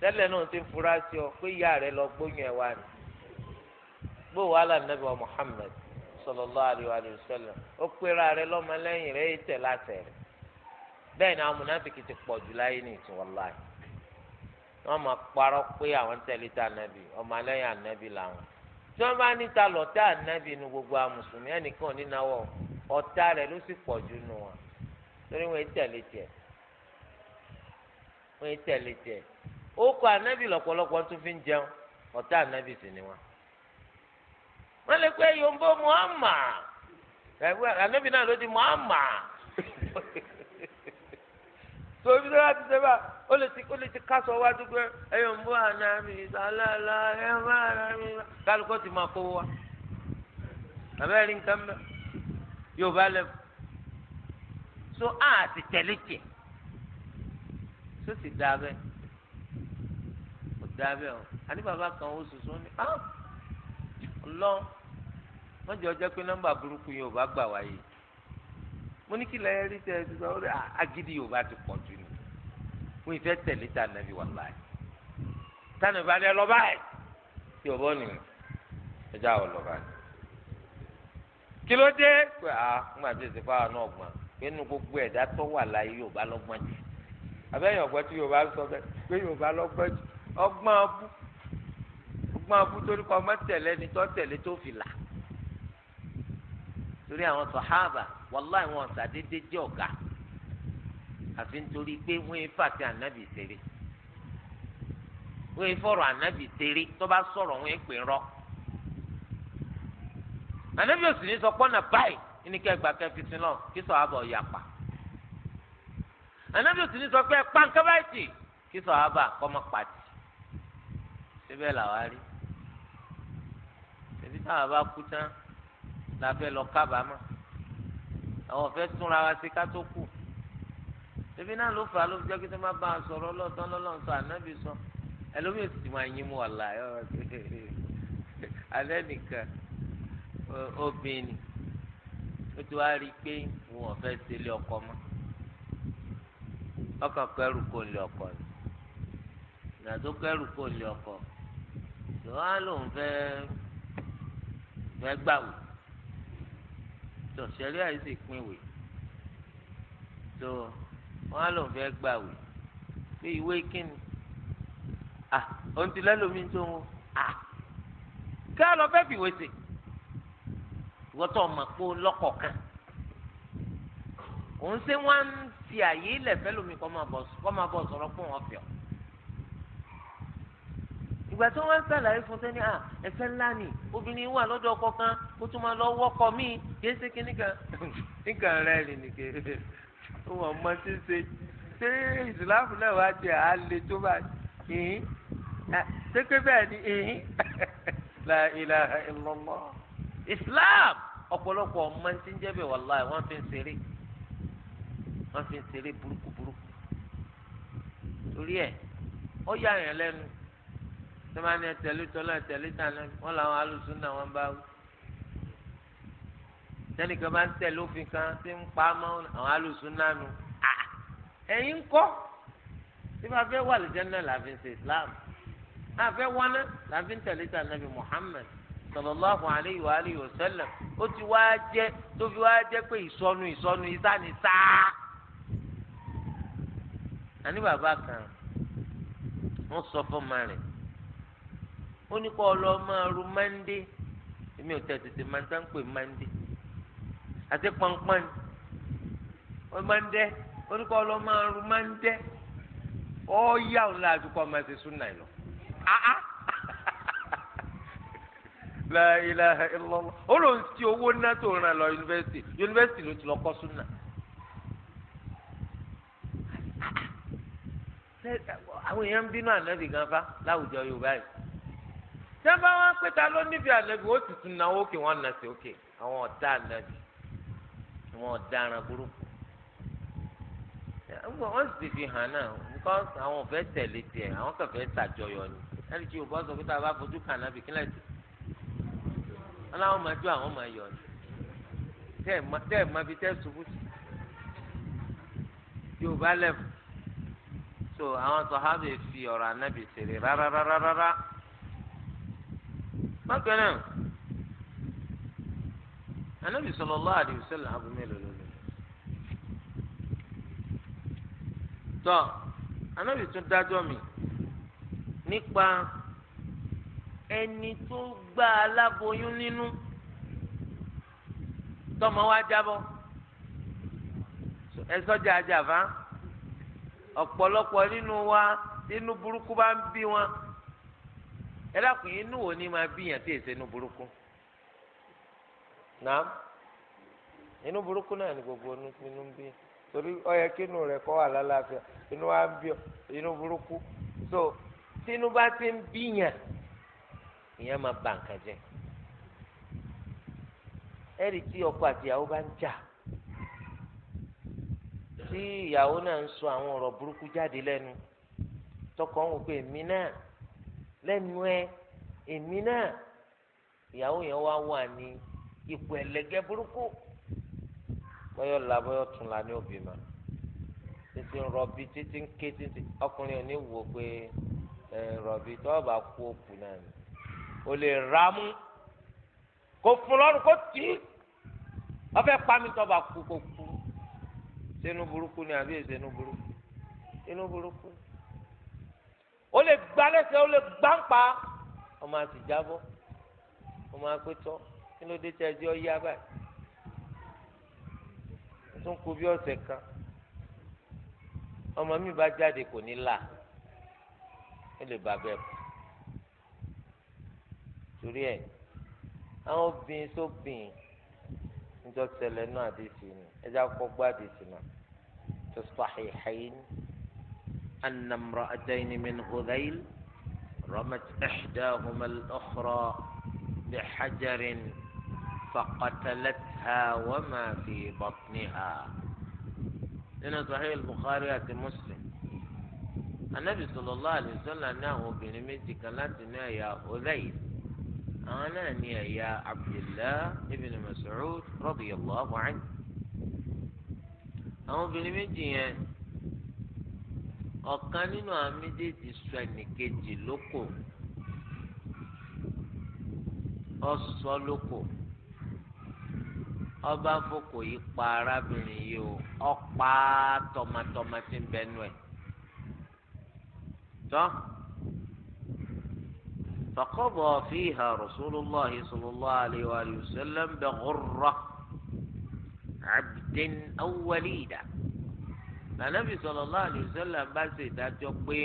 tẹ́lẹ̀ náà ti fura sí ọ pé ìyá rẹ lọ gbóyún ẹ̀ wá ni gbó wàhálà wa wa ó pera rẹ lọ́mọlẹ́yìn rẹ yìí tẹ̀ láti rẹ ni àwọn munafiki ti pọ̀ jù láyé ní máa tí wọ́n bá níta lọ́tà ànábì nu gbogbo àmùsùlùmí ẹnìkan nínáwọ́ ọ̀tá rẹ̀ ló sì pọ̀ ju nù wọn torí wọ́n tẹ̀lé tiẹ̀ wọ́n tẹ̀lé tiẹ̀ ó kọ ànábì tó fi ń jẹun ọ̀tá ànábì sì ni wọn. lè yombo muhammad ànábì náà ló di muhammad. tó ibi tó láti ṣe bá ó lè ti ó lè ti kásọ wájú pé ẹyọ ń bọ àná mi ìsàlálà ẹ má ara mi kálukọ́ ti máa kówó wa àbẹ́ rí nǹkan mẹ́ yóò bá lẹ̀ so á ti tẹ̀lé tiẹ̀ tó sì dá abẹ́ kò dá abẹ́ o àní bàbá kan ó sùn sún ní ah! ọlọ́ wọ́n jẹ́ ọjọ́ pé nọ́mbà burúkú yìí ò bá gbà wáyé mo ní kí lẹ́yìn rí tẹ́ ẹ ti sọ ọ́ agídí yorùbá ti pọ̀ jù ni mo ìfẹ́ tẹ̀lé tà nàbí wà láàyè tà nàbí alẹ́ lọ báyìí tí o bọ́ nì ẹja ọ̀ lọ báyìí kí ló dé pé a ńgbà tí èsì fáwọn náà gbọ́n pé nínú gbogbo ẹ̀dá tó wà láyé yorùbá lọ́gbọ́n jù àbẹ́yìn ọ̀gbọ́n tí yorùbá sọ bẹ́ẹ̀ pé yorùbá lọ́gbọ́n jù ọgbọ́n abú ọgbọ́n abú torí kọ́ ọmọ tẹ̀lé ni tó torí àwọn sàhábà wàláì wọn sàdédé jẹ́ ọ̀gá àfi nítorí pé wọ́n yẹn fàtí ànábì ṣeré wọ́n fọ̀rọ̀ ànábì ṣeré tó bá sọ̀rọ̀ wọ́n yẹn pè rọ́ ànábì òsì ní sọ pọ́nà báyìí ní kẹgbà kẹfìsì náà kí sàhábà yapa ànábì òsì ní sọ pé pàǹkàbáìtì kí sàhábà kọ́mọ pàtì síbẹ̀ làwárí la fẹ́ lọ kábàámọ̀ àwọn fẹ́ túnra wa sí ká tó kù tẹ̀mí náà ló fà á ló fi jẹ́ kí tẹ́ máa bá a sọ̀rọ̀ lọ́tàn lọ́lọ́run sọ ànábì sọ ẹlòmíì sì máa yín mu ọ̀la alẹ́ nìkan obìnrin ó ti wá rí i pé wọn ò fẹ́ sílé ọkọ mọ́ ọkọ kẹrù kò lè ọkọ ni ìgbà tó kẹrù kò lè ọkọ ìwọ́n á lòun fẹ́ gbàwó tó sẹ́rí àìsí pín ìwé tó wọ́n á lòun fẹ́ gbà wé pé ìwé kíni à òun ti lẹ́lòmí tó ń wò à kí á lọ fẹ́ fìwé sè ìwọ́tọ̀ ọmọ pé lọ́kọ̀ òun ṣé wọ́n á àyè ilẹ̀ fẹ́ lómi kọ́ máa bọ̀ sọ̀rọ̀ pé wọ́n fẹ́ ìgbà tí wọ́n ṣàlàyé fún sẹ́ni à ẹ̀fẹ́ ńlá ni obìnrin wà lọ́dọ̀ ọkọ kan kó tún máa lọ wọ́kọ míì kì í ṣe kí nìkan nìkan rẹ̀ rìn nìkan wọ́n mọ tí ń ṣe ṣé ìsìláàfù náà wá ti à á le tó bá ìhín ṣéké bẹ́ẹ̀ ni ìhín la ilaha illallah islam ọ̀pọ̀lọpọ̀ ọmọ tí ń jẹ́ bẹ́ẹ̀ wàláì wọ́n fi ń ṣeré wọ́n fi ń ṣeré burúkú burúkú torí ẹ̀ ó yà yàn lẹ́nu sọ́mání ẹ̀tẹ̀lé tọ́lá ẹ̀tẹ̀lé tàná wọ́n làwọn alùsùn náà wọ́n bá wù. sẹ́nìkan bá ń tẹ̀lé òfin kan tí ń pa mọ́ àwọn alùsùn náà nù. Ah, ẹ̀yin ń kọ́ tí bá fẹ́ wà lìjẹ́ náà làfi ń ṣe Islam náà fẹ́ wọná làfi ń tẹ̀lé tàná bí Muhammad sallallahu alayhi wa alihi wa sallam ó ti wá jẹ́ tó fi wá jẹ́ pé ìsọnù ìsọnù ìsáni sáá. àní bàbá kan wọ́n sọ fún mari ó ní kó lọ máa ru mande èmi ò tẹ̀ tètè máa tán mande àti pọnpọ́n ó mande ó ní kó lọ máa ru mande ó yá òun láàdú kó máa ha ha lọ áá la ó ti owó ná tó ràn lọ yunifásitì yunifásitì ló ti lọ ha, súnà. àwọn èèyàn ń bínú ànábì gan fa láwùjọ yorùbá yìí sábà wọn pé ta ló níbi ànábì ó tutù náwó kí wọn nà sí òkè àwọn ọ̀tá ànábì àwọn ọ̀daràn burúkú wọ́n sì ti fi hàn náà because àwọn ò fẹ́ tẹ̀lé tiẹ̀ àwọn kàn fẹ́ ni ẹni tí yorùbá sọ pé tá a bá fojú kàn náà bìkínlẹ̀ tì wọn làwọn máa jó àwọn máa yọ̀ ni tẹ́ ẹ̀ máa fi tẹ́ ṣubú sí yorùbá lẹ́fù so àwọn sọ̀hábì fi ọ̀rọ̀ ànábì ṣeré rárá rárá rárá bákan náà anabi sallallahu alaihi wasallam abu mélòó ló lò tọ anabi tún dájọ́ mi nípa ẹni tó gba aláboyún nínú tọmọ wa jábọ́ ẹ sọjà àjàfá ọ̀pọ̀lọpọ̀ nínú wa nínú burúkú bá ń bí wọn. ẹ dákun yín wo ni ma bíyàn tí èsè inú burúkú náà inú burúkú náà ni gbogbo inú inú ń bí torí ó kí inú rẹ kọ́ wà lálàáfíà inú wa ń bí inú burúkú so tí ti ń bíyàn ìyẹn máa bà nǹkan tí ọkọ àti ìyàwó bá ń jà tí ìyàwó náà lẹ́nu ẹ èmi náà ìyàwó yẹn wá wà ní ipò ẹlẹgẹ́ burúkú bọyọ la bọyọ tún la ní òbí ma títí rọbì títí ń ké títí ọkùnrin òní wò pé ẹ rọbì tó o bá kú òkú náà ni o lè ra mú kó fún lọ́rùn kó tì í ọfẹ pami tó o bá kú kó kú sínú burúkú ni àbí èsè inú burúkú inú burúkú ó lè gbá lẹ́sẹ̀ ó lè gbáǹpa ọmọ àti jábọ́ ọmọ apẹtọ́ kí ló dé tẹ́ ẹ jẹ́ ọ yá báyìí ó tún kù bí ọ̀sẹ̀ kan ọmọ mi bá jáde kò ní là ó le bá bẹ́ẹ̀ kú torí ẹ̀ àwọn obìnrin sóbìnrin níjọ́ tẹ̀lé náà àdìsí ni ẹ̀dá kọ́ gbá àdìsí náà tó sọ àyè àyè أن امرأتين من هذيل رمت إحداهما الأخرى بحجر فقتلتها وما في بطنها هنا صحيح البخاري في مسلم النبي صلى الله عليه وسلم أنه بنميتي كانتنا يا هذيل أنا أني يا عبد الله ابن مسعود رضي الله عنه أو بنميتي يعني ọ̀kan nínú àwọn méjèèjì sọ ẹnìkejì lóko ọsọ lóko ọba fòkò yìí pa arábìnrin yìí o ọpa tọmatọma ti ń bẹnu ẹ tọ faqada fiha rasulullah sallallahu alayhi wa sallam bi ghurra abdin awwalida lànàbì sallallahu alaihi wasallam bá ṣe ìdájọ́ pé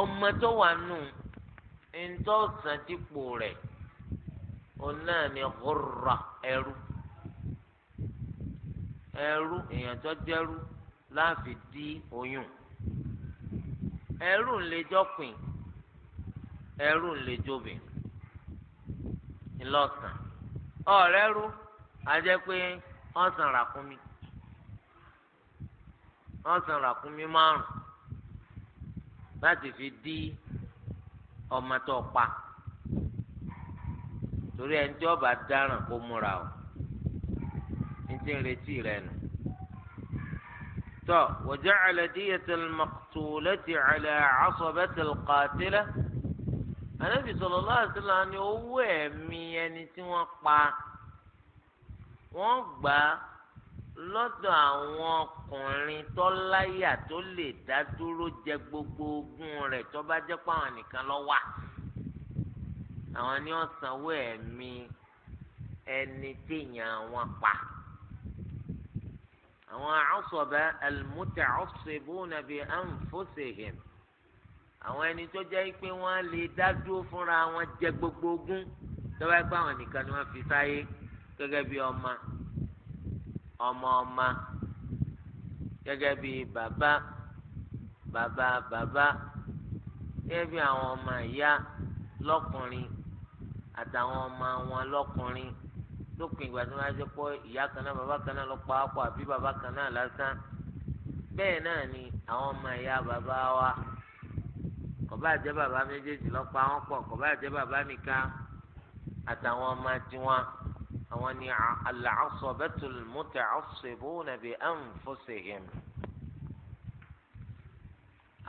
ọmọ tó wà nù ntọ́ sàdípò rẹ̀ òun náà ni ghurra ẹrú ẹrú èèyàn tó dẹrú láàfin di oyún ẹrú lè jọkùn ẹrú lè jọbìn ńlọsàn ọ̀rẹ́rú ajẹ́ pé wọ́n san ràkúnmí wọ́n san ràkúnmí márùn láti fi dí ọmọ tó pa torí ẹni tí ọba dáràn kó múra o ní ti ń retí rẹ nù. وجعل دية المقتولة على عصبة القاتلة النبي صلى الله عليه وسلم ní owó ẹ̀mí wọ́n gbà á lọ́dọ̀ àwọn ọkùnrin tó láyà tó lè dá dúró jẹ gbogbo ogún rẹ̀ tó bá jẹ́ pé àwọn nìkan ló wà àwọn ni wọ́n ẹ̀mí ẹni téèyàn àwọn pa àwọn àṣọbẹ ẹlmútẹ ọṣẹbùnà bí ẹnfọṣẹhìn àwọn ẹni tó jẹ́ pé wọ́n lè dá dúró fúnra wọn jẹ gbogbo ogún tó bá jẹ́ pé àwọn nìkan ni wọ́n fi sáyé gẹ́gẹ́ bí ọmọ ọmọ ọmọ gẹ́gẹ́ bí bàbá bàbá bàbá gẹ́gẹ́ bí àwọn ọmọ ìyá lọ́kùnrin àtàwọn ọmọ wọn lọ́kùnrin lópin ìgbà tí wọ́n á jẹ́ pọ́ ìyá kan náà bàbá kan náà lọ pa ápò àbí bàbá kan náà lásán bẹ́ẹ̀ náà ni àwọn ọmọ ìyá bàbá wa kò bá jẹ́ bàbá méjèèjì lọ pa wọ́n pọ̀ kò bá jẹ́ bàbá nìkan àtàwọn ọmọ tiwọn àwọn ni al-asabatul muta'assibuna bi anfusihim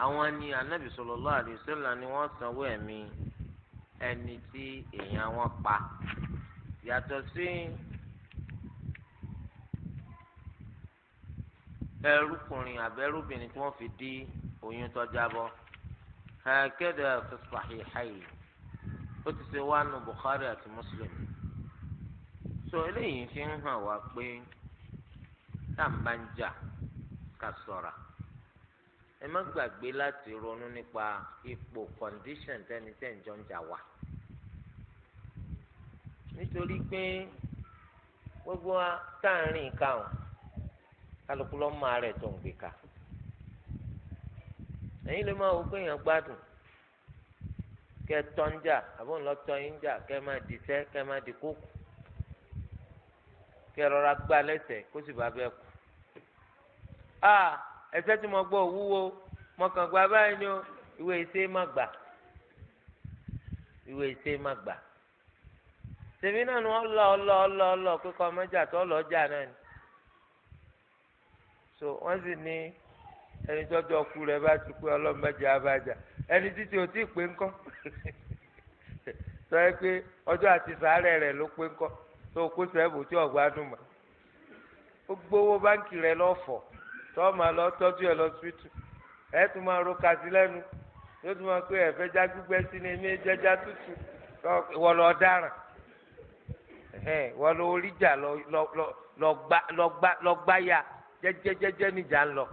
àwọn ni anabi sallallahu alaihi wasallam ni wọ́n sanwó ẹ̀mí ẹni tí èèyàn wọn pa yàtọ̀ sí ẹrúkùnrin àbẹ́rúbìnrin tí wọ́n fi di oyún tó jábọ́ hakada fi sahihayn ó ti ṣe wá nu àti Muslim. sọ eléyìí fi ń hàn wá pé tá à ń bá ń jà ká ẹ má gbàgbé láti ronú nípa ipò tẹ́ ń jọ ń jà wá nítorí pé gbogbo wa tá kálukú lọ́ máa rẹ̀ tó ń gbé ká lè máa wò pé èèyàn gbádùn kẹ́ tọ́ ń jà àbọ̀ kẹ rọra gbá lẹ́sẹ̀ kó sì bá bẹ kú. a ẹsẹ̀ tí mo gbọ́ wúwo mo kàn gba báyìí ni o ìwé ìṣe má gbà ìwé ìṣe má gbà. tèmi náà ni wọ́n lọ ọlọ ọlọ ọlọ kíkọ ọmọjà tó lọ jà náà ni. so wọ́n sì ní ẹni tọ́jú ọkù rẹ̀ bá ti pé ọlọ́mọdé abájà ẹni títí o ti pé ńkọ́ sọ pé ọjọ́ àti sàárẹ̀ rẹ̀ ló pé ńkọ́ tó kó sẹ́ẹ̀bù tí ọ̀gbádùn mọ́ ó gbowó báńkì rẹ lọ́fọ̀ tó máa lọ tọ́jú ẹ lọ́sítù ẹ tún máa ro kàtí lẹ́nu yóò tún máa pé ẹ̀fẹ́ já gbígbẹ́ sí ni mí jẹ́já tútù wọ́n lọ dáràn wọ́n lọ oríjà lọ gbáya jẹ́jẹ́jẹ́jẹ́ níjà ń lọ.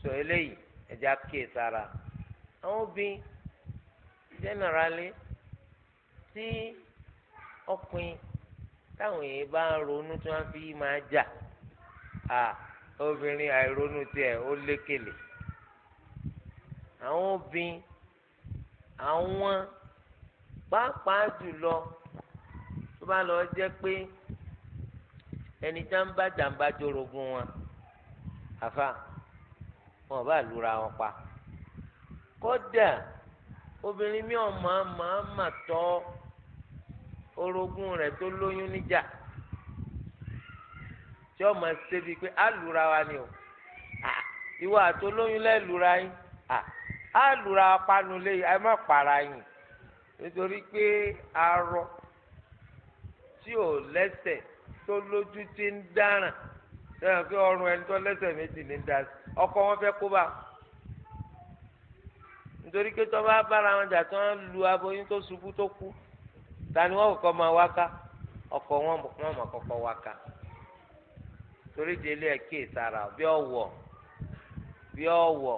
sọ eléyìí ẹja kíyè sára àwọn obìnrin generally tí ọkùnrin táwọn èèyàn bá ń ronú tí wọ́n fi máa jà à obìnrin àìronú tiẹ̀ ó lékele àwọn obìnrin àwọn pàápàá jùlọ tó bá lọ jẹ́ pé ẹni tá ń bá jàǹbá jorogun wọn àfa wọn bá lura wọn pa kódà obìnrin mi ò máa máa mà tọ́ orogún rẹ̀ tó lóyún níjà tí ọmọ ṣe bíi pé á lura wa ni o ìwọ àti olóyún lẹ́ẹ̀ lura yín á lura panu lé ẹ má para yín nítorí pé arọ tí ò lẹ́sẹ̀ tó lójú ti ń dáràn sẹ́yìn pé ọrùn ẹni tó lẹ́sẹ̀ méjì ní dá sí ọkọ wọn fẹ́ kó bá nítorí pé tó bá bára wọn jà tó ń lu aboyún tó ṣubú tó kú tani wọn kọ máa wá ká ọkọ wọn wọn máa kọ́kọ́ wá ká torí délé ẹ kéè sára bí ọwọ bí ọwọ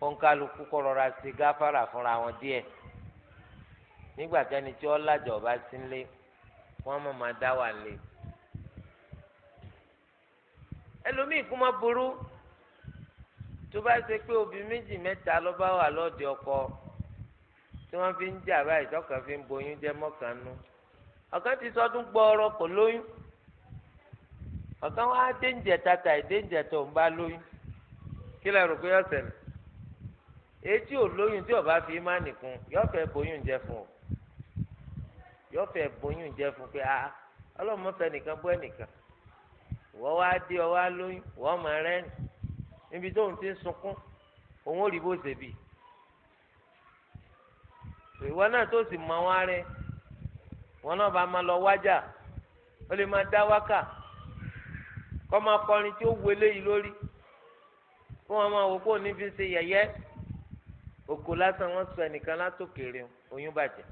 kọńkálukú kọ rọra ṣe gáfárà fúnra wọn díẹ̀ nígbà tẹni tí ọlájà ọba sí nlé wọn máa máa dá wà lé ẹlòmíì kú má burú tó bá ṣe pé obì méjì mẹ́ta ló bá wà lọ́ọ̀dẹ ọkọ tí wọ́n fi ń jà báyìí tọkàn fi ń boyún jẹ́ mọ́kànnú ọ̀kan ti sọdún gbọọrọ kò lóyún ọ̀kan wá déńjẹ tata ìdéńjẹ tó ń bá lóyún kí lẹ rò pé yọ ṣẹlẹ̀ etí ò lóyún tí ọba fi má nìkun yọ fẹ́ boyún jẹ fún ọ yọ fẹ́ boyún jẹ fún pé ah ọlọmọfẹ nìkan bọ ẹnìkan wọ́n wá dé ọ wá lóyún wọ́n mọ rẹ́ni níbi tóun ti sunkún òun ò rí bó ṣe bíi. ìwọ náà tó sì mọ wọn rẹ wọn náà bá máa lọ wájà ó lè máa dá wákà kọrin tí ó wu eléyìí lórí fún wọn máa wò kó ní fi ṣe òkò lásán wọn sọ ẹnìkan látòkèrè oyún bàjẹ́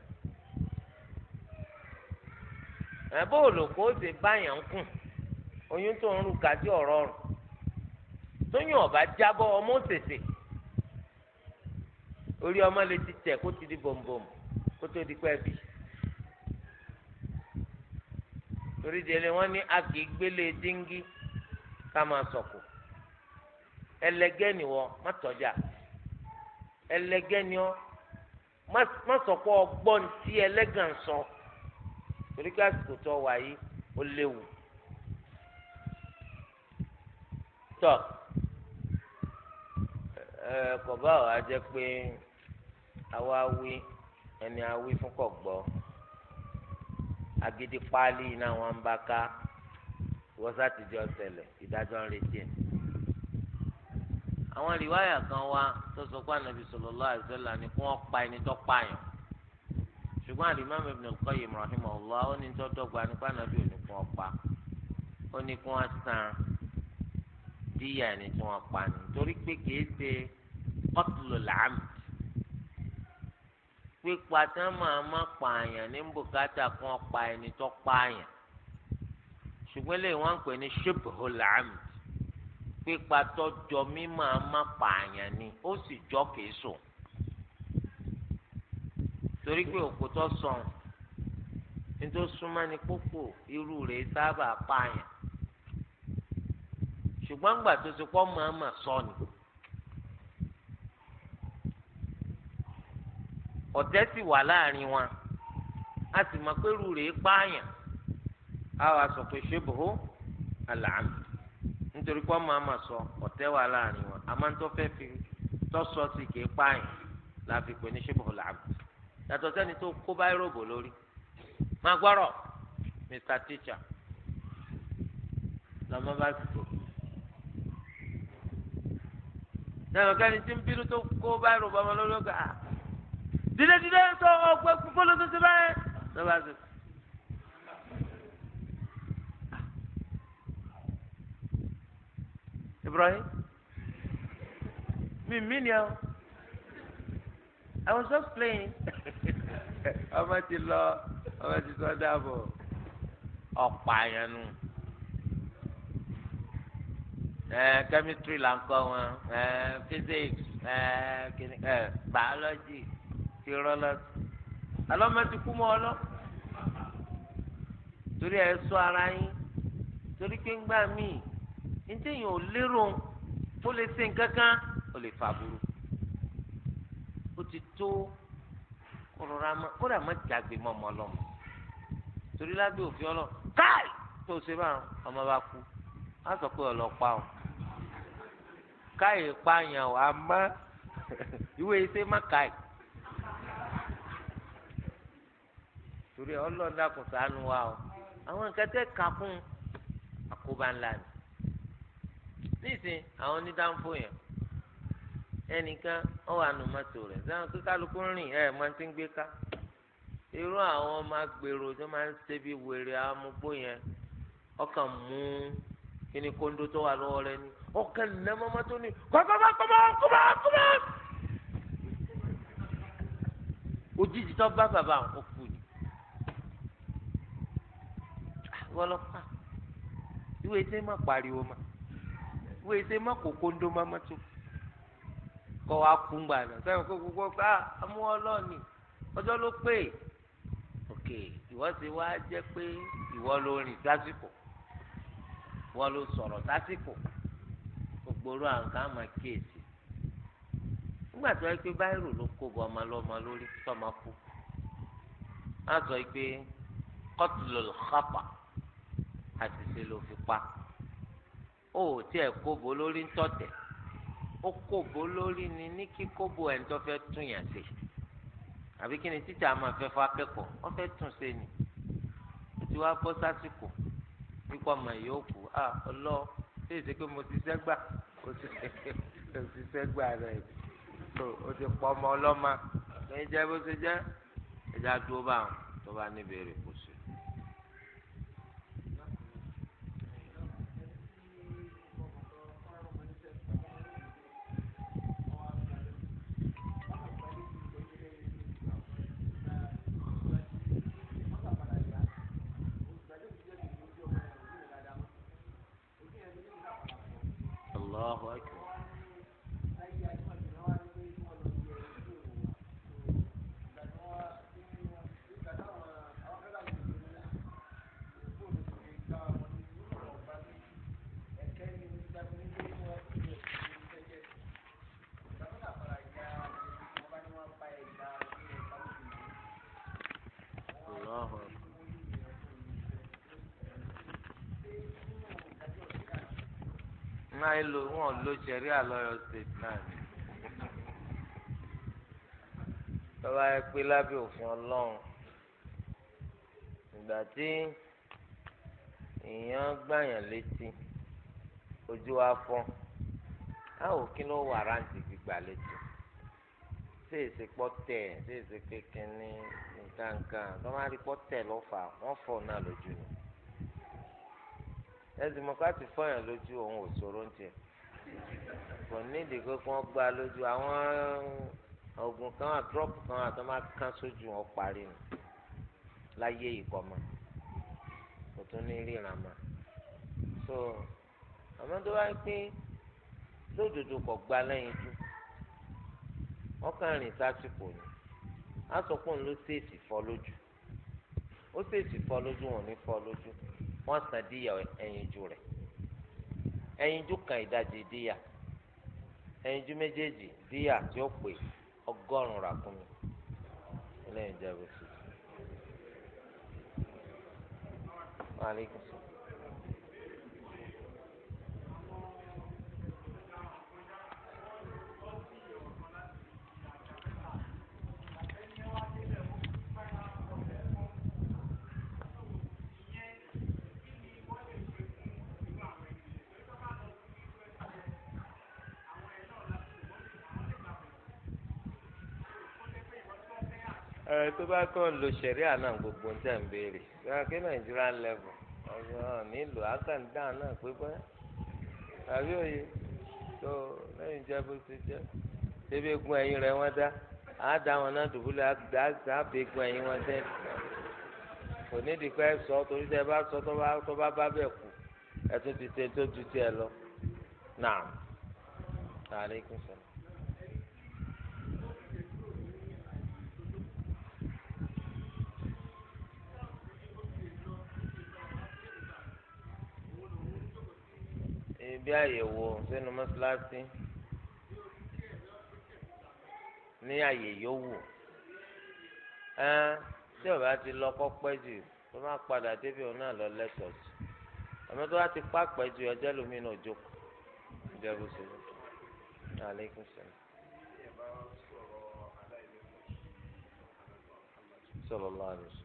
ẹ̀bọ́ òlòkó ó ti kùn oyún tó ń rù orí ọmọ lè ti tẹ̀ kó ti di bòmbòm kó tó di pẹ́ bí. torí délé wọn ní a kì í gbélé díngí ká máa sọ̀kò ẹlẹgẹ́ ni wọ́n má tọ́jà ẹlẹgẹ́ ni wọ́n má sọ̀kò ọgbọ́n tí ẹlẹ́gàn sọ torí kí àsìkò tó wà yìí ó léwu. tọ́ ẹ kọ̀ bá wa jẹ́ pé àwa wí ẹni awí fún kò agidi paálí iná wọn ń bá ká wọ́sá ti jọ ṣẹlẹ̀ ìdájọ́ ń retí ẹ̀. àwọn rìwáyà kan wá tó sọ pé ànábì sallallahu alaihi wasallam ni kí wọ́n pa ẹni tó pààyàn ṣùgbọ́n al-Imam Ibn al-Qayyim rahimahullah ó ní tó dọ́gba nípa ànábì òní kí wọ́n pa ó ní kí wọ́n san díyà ẹni tí wọ́n pa ni torí pé kìí ṣe qatlul 'am pípa tí wọ́n máa má pààyàn ní bùkátà kan pa ẹni tó pààyàn ṣùgbọ́n lè wọ́n ń pè ní shibhul pípa tọ́jọ mí máa ni ó sì jọ kìí torí pé òkú tó sàn nítorí súnmọ́ ni pópò irú rẹ̀ sábà pààyàn ṣùgbọ́n gbà tó ti ama máa sọ ni. ọ̀tẹ̀ sì wà láàrin wọn a sì mọ̀ pé rúurè pààyàn a wà sọ pé ṣébùhó àlàámù nítorí pé ọmọ àmà sọ ọ̀tẹ̀ wà láàrin wọn àmọ́ tó fẹ́ fi tọ́sọ sí kì í pààyàn la fi pè ní ṣébùhó làámù yàtọ̀ sẹ́ni tó kó báyìí lórí gbọ́rọ̀ mr teacher lọ́mọ bá ti tó dídé dídé sọ ọgbẹ gbóló tó ti báyẹn lọba ṣe. Ibrahim mi mi ni ọ I was just playing ọmọ ti lọ ọmọ ti sọ dáàbò ọ̀pá yẹn nù chemistry là ń kọ́ wọn ẹ physics ẹ biology irọ́ lọ́sùn alọ́mọ ti kú mọ́ ọ lọ torí ẹ sọ ara yín torí pé ńgbà míì ntí yìí ò lérò ó lè ṣe nǹkan kan ó lè fà burú ó ti tó kọrọra ma kódà má jágbe mọ́ ọmọ ọlọ́mọ torí lábẹ́ òfin ọlọ́ káì tó o ṣe bá ọmọ bá kú á sọ pé ọlọ́pàá o káì pààyàn o àmọ́ ìwé iṣẹ́ má káì. torí ọlọ́dà kò sànù wa o àwọn nǹkan tẹ́ ka fún àkóbá ńlá ni nísìn àwọn onídàáfó yẹn ẹnìkan ọ wà nù mọ́tò rẹ̀ sáwọn kíkálukú rìn ẹ̀ máa ti ń gbé ká irú àwọn ọmọ agbèrò tó máa ń ṣe bí wèrè amúgbó yẹn ọkàn mú kíni kóńdó tó wà lọ́wọ́ rẹ̀ ni ọkàn lẹ́mọ́ mọ́tò ni kọ́kọ́kọ́ kọ́mọ́ kọ́mọ́ kọ́mọ́ òjijì tó bá bàbá òkú wọ́n lọ fà ìwé ṣe má pariwo ma ìwé ṣe má kókó ńdó má má tó kọ́ wa kú gbà náà sẹ́yìn kó gbogbo gbà amú ọlọ́ọ̀ni ọjọ́ ló pè é òkè ìwọ ti wá jẹ́ pé ìwọ ló rìn sásìkò ìwọ ló sọ̀rọ̀ sásìkò gbogbo orú àǹkà máa kíyèsí nígbà tó yẹ pé báyìí ló kó bọ ọmọ lọ́mọ lórí tó máa kú á sọ pé kọ́tùlù xapa àṣìṣe ló fi pa ó tí ẹ kóbo lórí ń tọ̀tẹ̀ ó kóbo lórí ni ní kíkóbo ẹ̀ ń tọ́ fẹ́ tún yàn sí àbí kí ni títà máa fẹ́ fọ́ akẹ́kọ̀ọ́ wọ́n fẹ́ tún ṣe ni ó ti wá bọ́ sásìkò kíkọ́ ọmọ yóò kú à ah, ọlọ́ ṣé èsì pé mo ti sẹ́gbà ó ti sẹ́gbà rẹ̀ ó ti pọ̀ ọmọ ọlọ́mọ lẹ́yìn jẹ́ bó ṣe jẹ́ ẹ̀dá dúró báwọn tó bá níbèrè. ẹ lò wọn lo sẹrí àlọyọ state náà ni tọ́ba ẹ pé lábẹ́ òfin ọlọ́run ìgbà tí èèyàn gbàyàn létí ojú wa fọ́ káwọ kí ló wà ráǹtì gbígbà létí ṣé èsì pọ́tẹ̀ ṣé èsì kékeré ní nǹkan kan tọ́ba rí pọ́tẹ̀ lọ́fà wọ́n fọ́ náà lójú ni ẹsìn mọ ká ti fọyàn lójú òun ò ṣòro ń tiẹ̀ kò nídìí pé kí wọ́n gbá lójú àwọn oògùn kan wà trọpù kan wà tó máa kán sójú wọn parí ni láyé ìkọmọ kò tún ní ríran mọ́ so àmọ́ tó bá pín lódodo kò gba lẹ́yìn jù wọ́n kàn rìn sásìkò ni á sọ pé òun ló ṣèèṣì fọ́ lójú ó ṣèèṣì fọ́ lójú wọn ò ní fọ́ lójú. wọ́n san díyà ẹyinjú rẹ̀ ẹyinjú kan ìdajì díyà ẹyinjú méjèèjì díyà tí ó pé ọgọ́rùn-ún ràkúnmí lẹ́yìn sí i. ẹ tó bá kàn lo sẹ̀ríà gbogbo ń bere, ń béèrè yàrá kí nàìjíríà level ọ̀gbọ́n nílò àkàndá náà pé bẹ́ẹ̀ àbí òye tó lẹ́yìn jẹ́ bó ṣe jẹ́ ṣébí egun ẹ̀yìn rẹ̀ wọ́n dá àádá wọn náà dùbúlẹ̀ àbẹ̀ egun ẹ̀yìn wọn dẹ́ kò ní ìdíkọ́ ẹ sọ torí tẹ bá sọ tó bá bá ẹ tún ibi àyẹ̀wò sínú mọ́ṣáláṣí ní àyè yòówù ẹ tí ọba ti lọ kọ́ pẹ́ jù tó má padà débi òun náà lọ lẹ́tọ̀ọ́ sí ọmọ tó bá ti pa pẹ́ jù ọjọ́ lómi náà jókòó ìjẹ́bù sí i aleykum salaam. sallallahu alaihi wasallam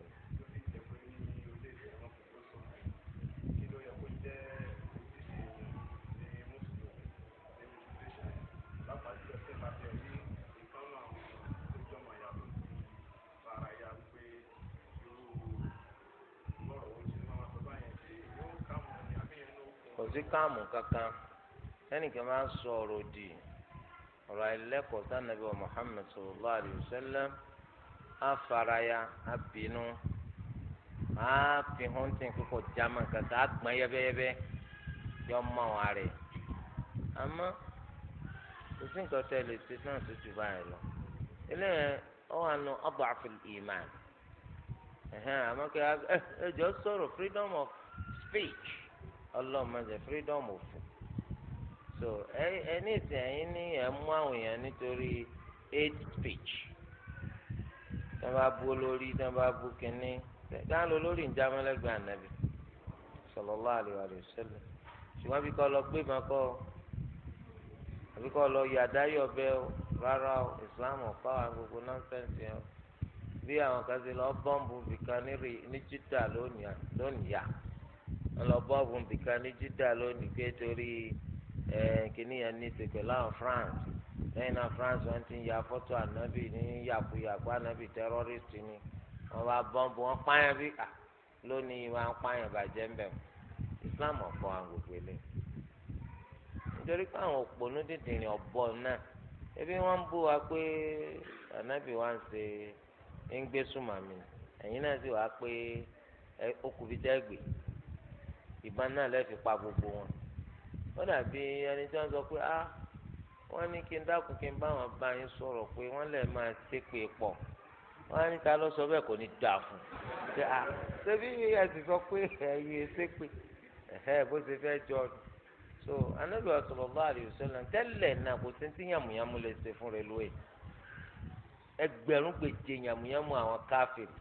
sí káàmù kankan ẹnìkan máa ń sọ ọ̀rọ̀ òdì ọ̀rọ̀ àìlẹ́kọ̀ọ́ sànàbí wa afaraya abinu ààfin hunting kíkọ german kankan àgbọn yẹbẹyẹbẹ yọ mọ àwọn àrẹ àmọ́ kò sí lè ṣe náà tó báyìí lọ ọbọ freedom of speech. ọlọ́mọdé freedom of so ẹni ìsìn ẹ̀yìn ní ẹ̀ mú àwọn èèyàn nítorí hate speech tí wọ́n bá bú olórí tí wọ́n bá bú kínní dáhùn ló lórí ìjámẹ́lẹ́gbẹ̀ẹ́ ànábì sallallahu alaihi wasallam ṣùgbọ́n bí kò lọ gbé ma kọ́ àbí kò lọ yọ àdáyé ọbẹ̀ rárá o Islam ọ̀pá wa gbogbo nọ́ńsẹ̀nsì yẹn bí àwọn kan ti lọ bọ́ǹbù bìkan ní Júdà lónìí yá ọlọ́bọ́ọ̀bù nìkan ní Jídà lónìí pé torí kìnìyàn ní ti pẹ̀lú France lẹ́yìn náà France wọ́n ti ń ya fọ́tò ànábì ní yàkuyàkú ànábì tẹ́rọ́rìstì ni wọ́n bá bọ́ǹbù wọ́n pààyàn bí à lónìí wọ́n pààyàn bàjẹ́ ń bẹ̀ mọ́ Islam ọ̀pọ̀ àwọn gbogbo ilé nítorí pé àwọn òpònú dìndìnrín ọ̀bọ náà ebi wọ́n ń bú wa pé ànábì wa ń ṣe ń gbé súnmọ́ mi ẹ̀yin náà sì wá pé okùnfin ìbọn náà lè fi pa gbogbo wọn ó dàbí ẹni tí wọ́n sọ pé ah wọ́n ní kí n dákun kí n bá wọn bá yín sọ̀rọ̀ pé wọ́n lè máa ṣépè pọ̀ wọ́n á ní ta ló sọ bẹ́ẹ̀ kò ní dáa fún un ṣe ah ṣebí ẹ sì sọ pé ẹ̀yin ṣépè ẹ̀hẹ́ bó ṣe fẹ́ jọ ọdún so anabi sallallahu alaihi wasallam tẹ́lẹ̀ náà kò sí ti yàmùyàmù lè ṣe fún rélùwé ẹgbẹ̀rún gbèje yàmùyàmù àwọn káfíìn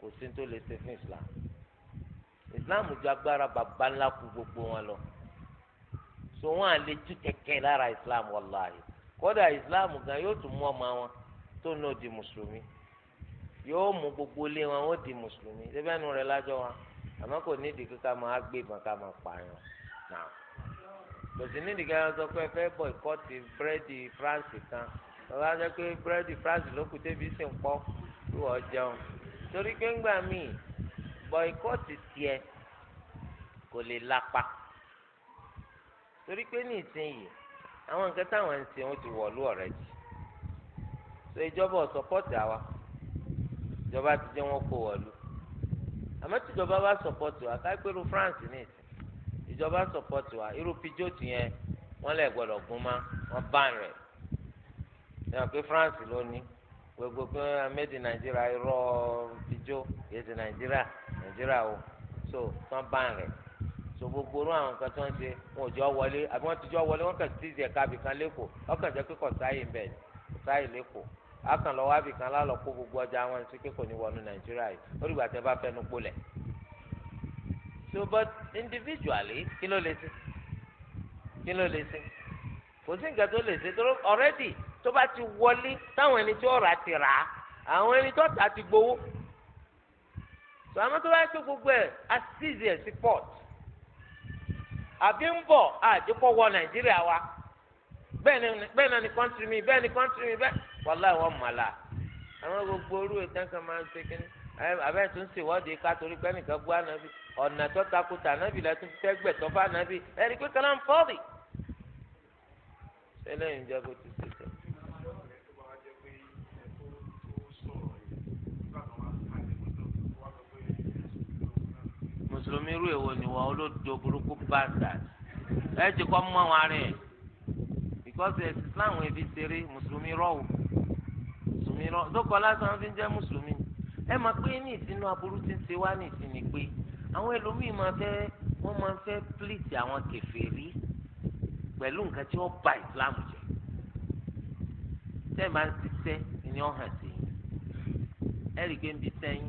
kò sí tó lè ṣe fún islam islam ju agbára bàbá ńlá kù gbogbo wọn lọ so wọn à lè tú kẹ̀kẹ́ lára islam wàláyé kódà islam gan yóò tún mú ọmọ wọn tó náà di mùsùlùmí yóò mú gbogbo ilé wọn ó di mùsùlùmí débẹ́nu rẹ̀ lájọ́ wọn àmọ́ kò nídìí kíkà máa gbé ìbọn ká máa pààyàn náà kò sí nídìí ká sọ pé ẹ fẹ́ bọ̀ìkọ́tì búrẹ́dì france kan lọ́la jẹ́ pé búrẹ́dì france ló kù débi sì ń pọ́ bí wọ́n jẹun torí pé ńgbà míì bọ́ikọ́ọ̀tì tiẹ̀ kò lè lápa torí pé ní ìsinyìí àwọn nǹkan táwọn ń ṣe wọn ti wọ̀lú ọ̀rẹ́ jì so ìjọba ò sọpọ́ọ̀tì àwa ìjọba ti jẹ́ wọn kó wọ̀lú àmọ́ tíjọba bá sọpọ́ọ̀tì wa ká pé irú France ní ìsìn ìjọba sọpọ́ọ̀tì wa irú pijọ́tì yẹn wọ́n lè gbọ́dọ̀ gún mọ́ wọ́n bán rẹ̀ ẹ̀ hàn pé France ló gbogbo pé made in irọ́ ìjó èdè Nigeria Nigeria o so tán bá ń rẹ̀ so gbogbo orú àwọn nǹkan tó ń ṣe wọn ò jọ wọlé àbí wọn ti jọ wọlé wọn kàn sí ìzẹ̀ka abìkan lẹ́kọ̀ọ́ ọkàn jẹ́ pé kò ń bẹ̀ ni lẹ́kọ̀ọ́ akàn lọ́wọ́ abìkan lálọ́ kó gbogbo ọjà wọn sí pé ní wọnú Nàìjíríà yìí ó dìgbà tẹ́ bá fẹnu gbolẹ̀. so but individually kí ló lè ṣe kí ló lè ṣe kò sí nǹkan tó lè ṣe tó already tó bá ti wọlé táwọn ẹni tí ó rà ti rà á àwọn ẹni tó tà ti gbowó tó àwọn tó bá tó gbogbo ẹ̀ asíìsì ẹ̀ sí port àbí ń bọ̀ àdìpọ̀ wọ nàìjíríà wa bẹ́ẹ̀ náà ni kọ́ńtìrì mi bẹ́ẹ̀ ni kọ́ńtìrì mi bẹ́ẹ̀ wàláì wọ́n mọ̀ la àwọn gbogbo orú ìtàn kan máa ń ṣe kínní abẹ́ tún ṣe ìwọ́de ká torí pé nìkan bú ànábì ọ̀nà tó takuta ànábì la tún fẹ́ gbẹ̀tọ́ fún ànábì ẹ̀rí pé kàlá ń fọ́ọ̀rì. ṣẹlẹ̀ ìjọba ti ṣe tẹ̀. mùsùlùmí irú èwo ni wọn olódo burúkú bastard ẹ ti kọ́ mọ́ wọn rìn because ẹ̀sìn islam ẹ̀bi ṣeré mùsùlùmí rọ̀wù mùsùlùmí rọ̀wù tó kọ́ lásán fi ń jẹ́ mùsùlùmí ẹ máa pé ní ìsinú aburú ti ń ṣe wá ní ìsìn ni pé àwọn ẹlòmíì máa fẹ́ wọ́n máa fẹ́ plíìtì àwọn kèfèrí pẹ̀lú nǹkan tí wọ́n ba islam jẹ́ tẹ́ ẹ máa ń ṣiṣẹ́ ni wọ́n hàn sí ẹ rí i pé ń bi sẹ́yìn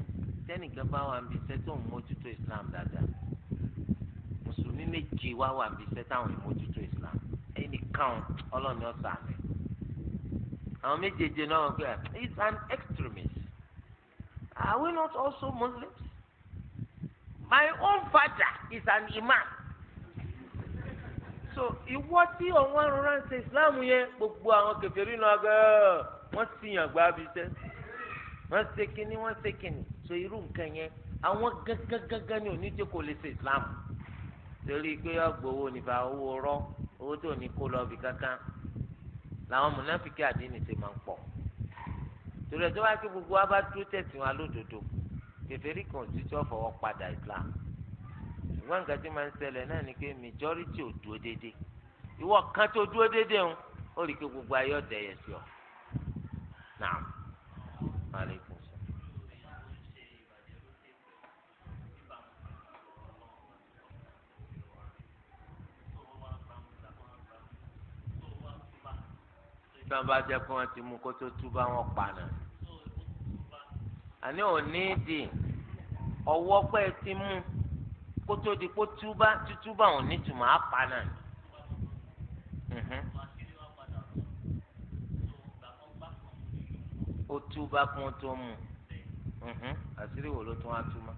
tẹ́nìkan bá wà níbi iṣẹ́ tó ń mójútó islam dáadáa mùsùlùmí méje wá wà níbi iṣẹ́ táwọn ìmójútó islam ẹnìkan ọlọ́ni ọ̀sán rẹ̀ àwọn méjèèjì náà wọ́n pé he is an extremist are we not also muslims my own father is an imam so ìwọ tí ọ̀wọ́n rọra ń ṣe islam yẹn gbogbo àwọn kèfèrí náà gẹ́ẹ́ wọ́n sì yàn gbá bí iṣẹ́ wọ́n ṣe kínní wọ́n ṣe kínní so irú nǹkan yẹn àwọn gángangangan ni oníjẹ kò lè ṣe islam torí pé ọgbọwọ nípa owó rọ owó tó ní kó lọ bí kankan làwọn mùnáfíkì àdínì ti máa ń pọ̀ torí ẹ tó bá kí gbogbo wa bá dúró tẹ̀sí wa lódodo kèfèrí kan tí tí wọ́n fọwọ́ padà islam ṣùgbọ́n nǹkan tí máa ń ṣẹlẹ̀ náà ni pé majority ò dúró déédéé ìwọ kan tó dúró déédéé ń ó rí i pé gbogbo ayé ọ̀dẹ̀yẹ sí ọ tí wọn bá jẹ pé wọn ti mú kó tó túbá wọn pàànà àní òní dì ọwọ́ pé ti mú kó tó di kó túbá tútúbá òní tùmọ̀ á pàànà. Mhm. ó túbá kún tó mú mhm. àṣírí wo ló tún á túmọ̀.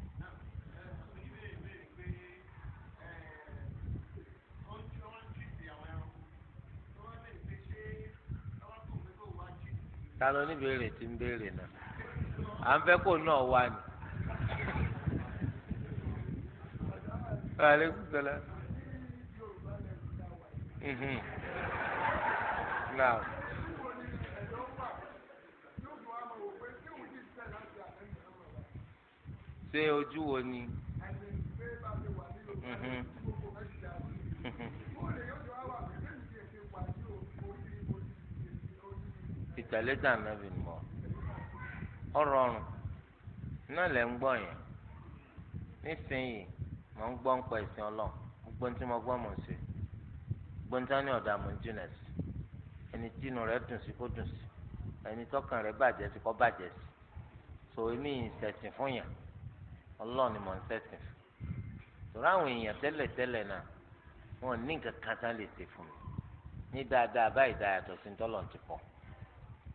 ta ló ní béèrè tí ń béèrè náà à ń fẹ́ kó náà wà ní. ṣé ojú wo ni. tẹ̀lé tà nàbì mọ́ ọ̀rọ̀ ọ̀run náà lẹ̀ ń gbọ́ yẹn nísìnyìí mò ń gbọ́ ń pa ìsìn ọlọ́run gbogbo tí mo gbọ́ mọ̀ sí gbogbo tí wọ́n ní ọ̀dà mọ̀ ń jìnà sí ẹni tí inú rẹ̀ dùn sí kó dùn sí ẹni tọ́kàn rẹ̀ bàjẹ́ sí kó bàjẹ́ sí so èmi ìṣẹ̀sìn fún yàn ọlọ́run ni mò ń ṣẹ̀sìn fún tòun àwọn èèyàn tẹ́lẹ̀ tẹ́lẹ̀ náà wọn ní nǹkan kan tán lè ṣe fún mi ní dáadáa báyìí dáa yàtọ̀ sí ní tọ́lọ̀ ti pọ̀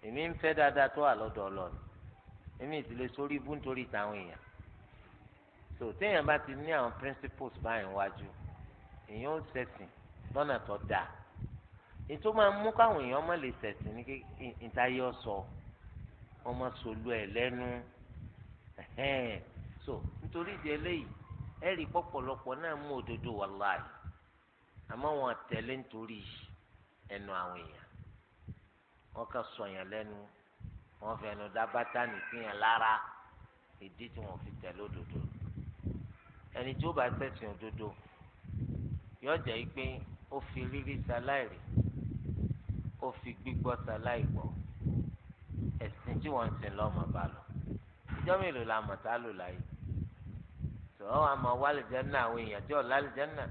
èmi ń fẹ́ dáadáa tó wà lọ́dọ̀ ọlọ́run èmi ìdílé sórí ibú nítorí ìtàwọn èèyàn so téèyàn bá ti ní àwọn principles báyìí wájú èèyàn ó ṣẹ̀sìn lọ́nà tó dáa ètò máa mú káwọn èèyàn má lè ṣẹ̀sìn ní ìtayé ọ̀sọ̀ wọn má solú ẹ̀ lẹ́nu so nítorí ìdí eléyìí ẹ̀rí pọ̀pọ̀lọpọ̀ náà mú òdodo wàláì àmọ́ wọn tẹ̀lé nítorí ẹnu àwọn èèyàn wọ́n kàn sọ̀yàn lẹ́nu wọ́n fẹnu dábàtà nìkíyàn lára ìdí tí wọ́n fi tẹ̀ lódodo ẹni tí ó bá ṣẹ̀sìn òdodo yóò jẹ́ pé ó fi rírí ṣaláìrí ó fi gbígbọ́ ṣaláìgbọ́ ẹ̀sìn tí wọ́n ń sìn lọ́mọ bá lọ ìjọ mélòó la mọ̀ tá a lò láyé tọ́ àmọ́ wà lìjẹ́nà àwọn èèyàn tí ọ̀la lìjẹ́nà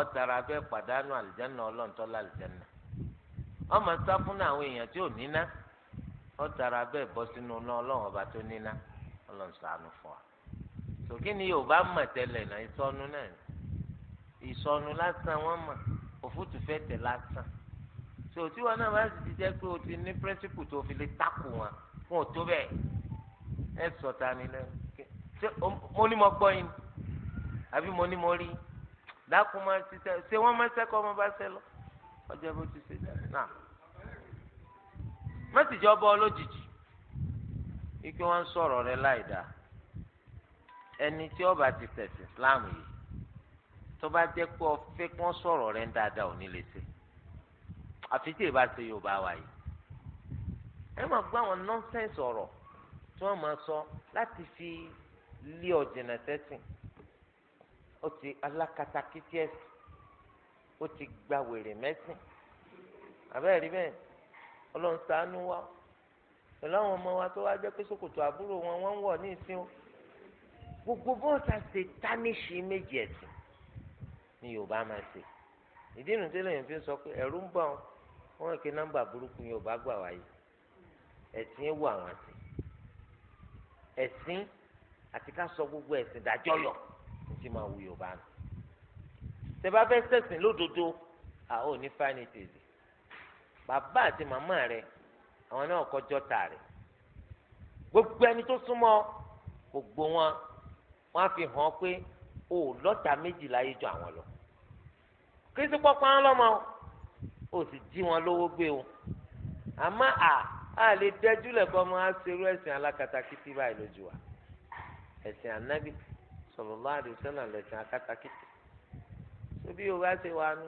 ọ̀tara bẹ́ẹ̀ pàdánù àlìjẹ́nà ọlọ́ọ̀tọ́ lálìjẹ́nà wọn máa sá fún àwọn èèyàn tí ò níná wọn tara bẹ́ẹ̀ bọ́ sínú iná Ọlọ́run ọba tó níná Ọlọ́run ṣàánú fún wa sòkè ni Yorùbá mọ̀ tẹ́lẹ̀ náà ìsọnù náà ìsọnù lásán wọn mọ̀ òfútù fẹ́ tẹ̀ lásán so tí wọn náà bá sì ti jẹ́ pé o ti ní pírẹsìpù tó fi lè takò wọn fún òtó bẹ́ẹ̀ ẹ sọta ni lẹ́nu ṣé mo ní mo gbọ́ yín àbí mo ní mo rí dákun máa ti sẹ ṣé wọn máa sẹkọ ọmọ bá sẹ lọ ọjọ́ bó ti ṣe jẹ náà mẹsìjọ bọ lójijì ike wọn sọ̀rọ̀ rẹ̀ láì dáa ẹni tí ó bá ti tẹsí islam yìí tó bá jẹ́ pé ó fẹ́ kí wọn sọ̀rọ̀ rẹ̀ dáadáa ò ní lè ṣe àfi tí ìbá ṣe Yorùbá wa yìí ẹ máa gbọ́ àwọn nọ́ńsẹ̀nsì ọ̀rọ̀ tí wọ́n máa sọ láti fi lé ọ̀jìnà sẹ́sìn ó ti alákatakítí ẹ̀sìn ó ti gba wèrè mẹ́sìn àbẹ́ẹ̀ rí bẹ́ẹ̀ ọlọ́run ṣàánú wa pẹ̀lú àwọn ọmọ wa tó wá jẹ́ pé ṣòkòtò àbúrò wọn wọ́n ń wọ̀ ní ìsìn o gbogbo bọ́ọ̀sà ṣe tánìṣì méjì ẹ̀sìn ni yorùbá máa ṣe ìdí ìrùn tí lèyìn fi sọ pé ẹ̀rú ń bọ̀ wọn kì í nọ́mbà burúkú yorùbá gbà wáyé ẹ̀sìn ewu àwọn àti ẹ̀sìn àti ká sọ gbogbo ẹ̀sìn dájọ́ yọ ní ti máa wù yorùbá nù tẹ bá fẹ́ ṣẹ̀sìn lódodo àwọn ò ní fáìnì tèzì bàbá àti màmá rẹ àwọn náà kọjọ́ tà rẹ gbogbo ẹni tó súnmọ́ gbogbo wọn wọn á fi hàn pé o lọ́tà méjì láyé ju àwọn lọ kí sípò pa án lọ́mọ o sì jí wọn lówó gbé o àmọ́ à á lè dẹ́jú lẹ́kọ́ ọmọ aṣerú ẹ̀sìn alákatakítí báyìí lójú wa ẹ̀sìn ànábì sallallahu alaihi wasallam lẹ̀sìn akátakítí tóbi yorùbá ṣe wà nù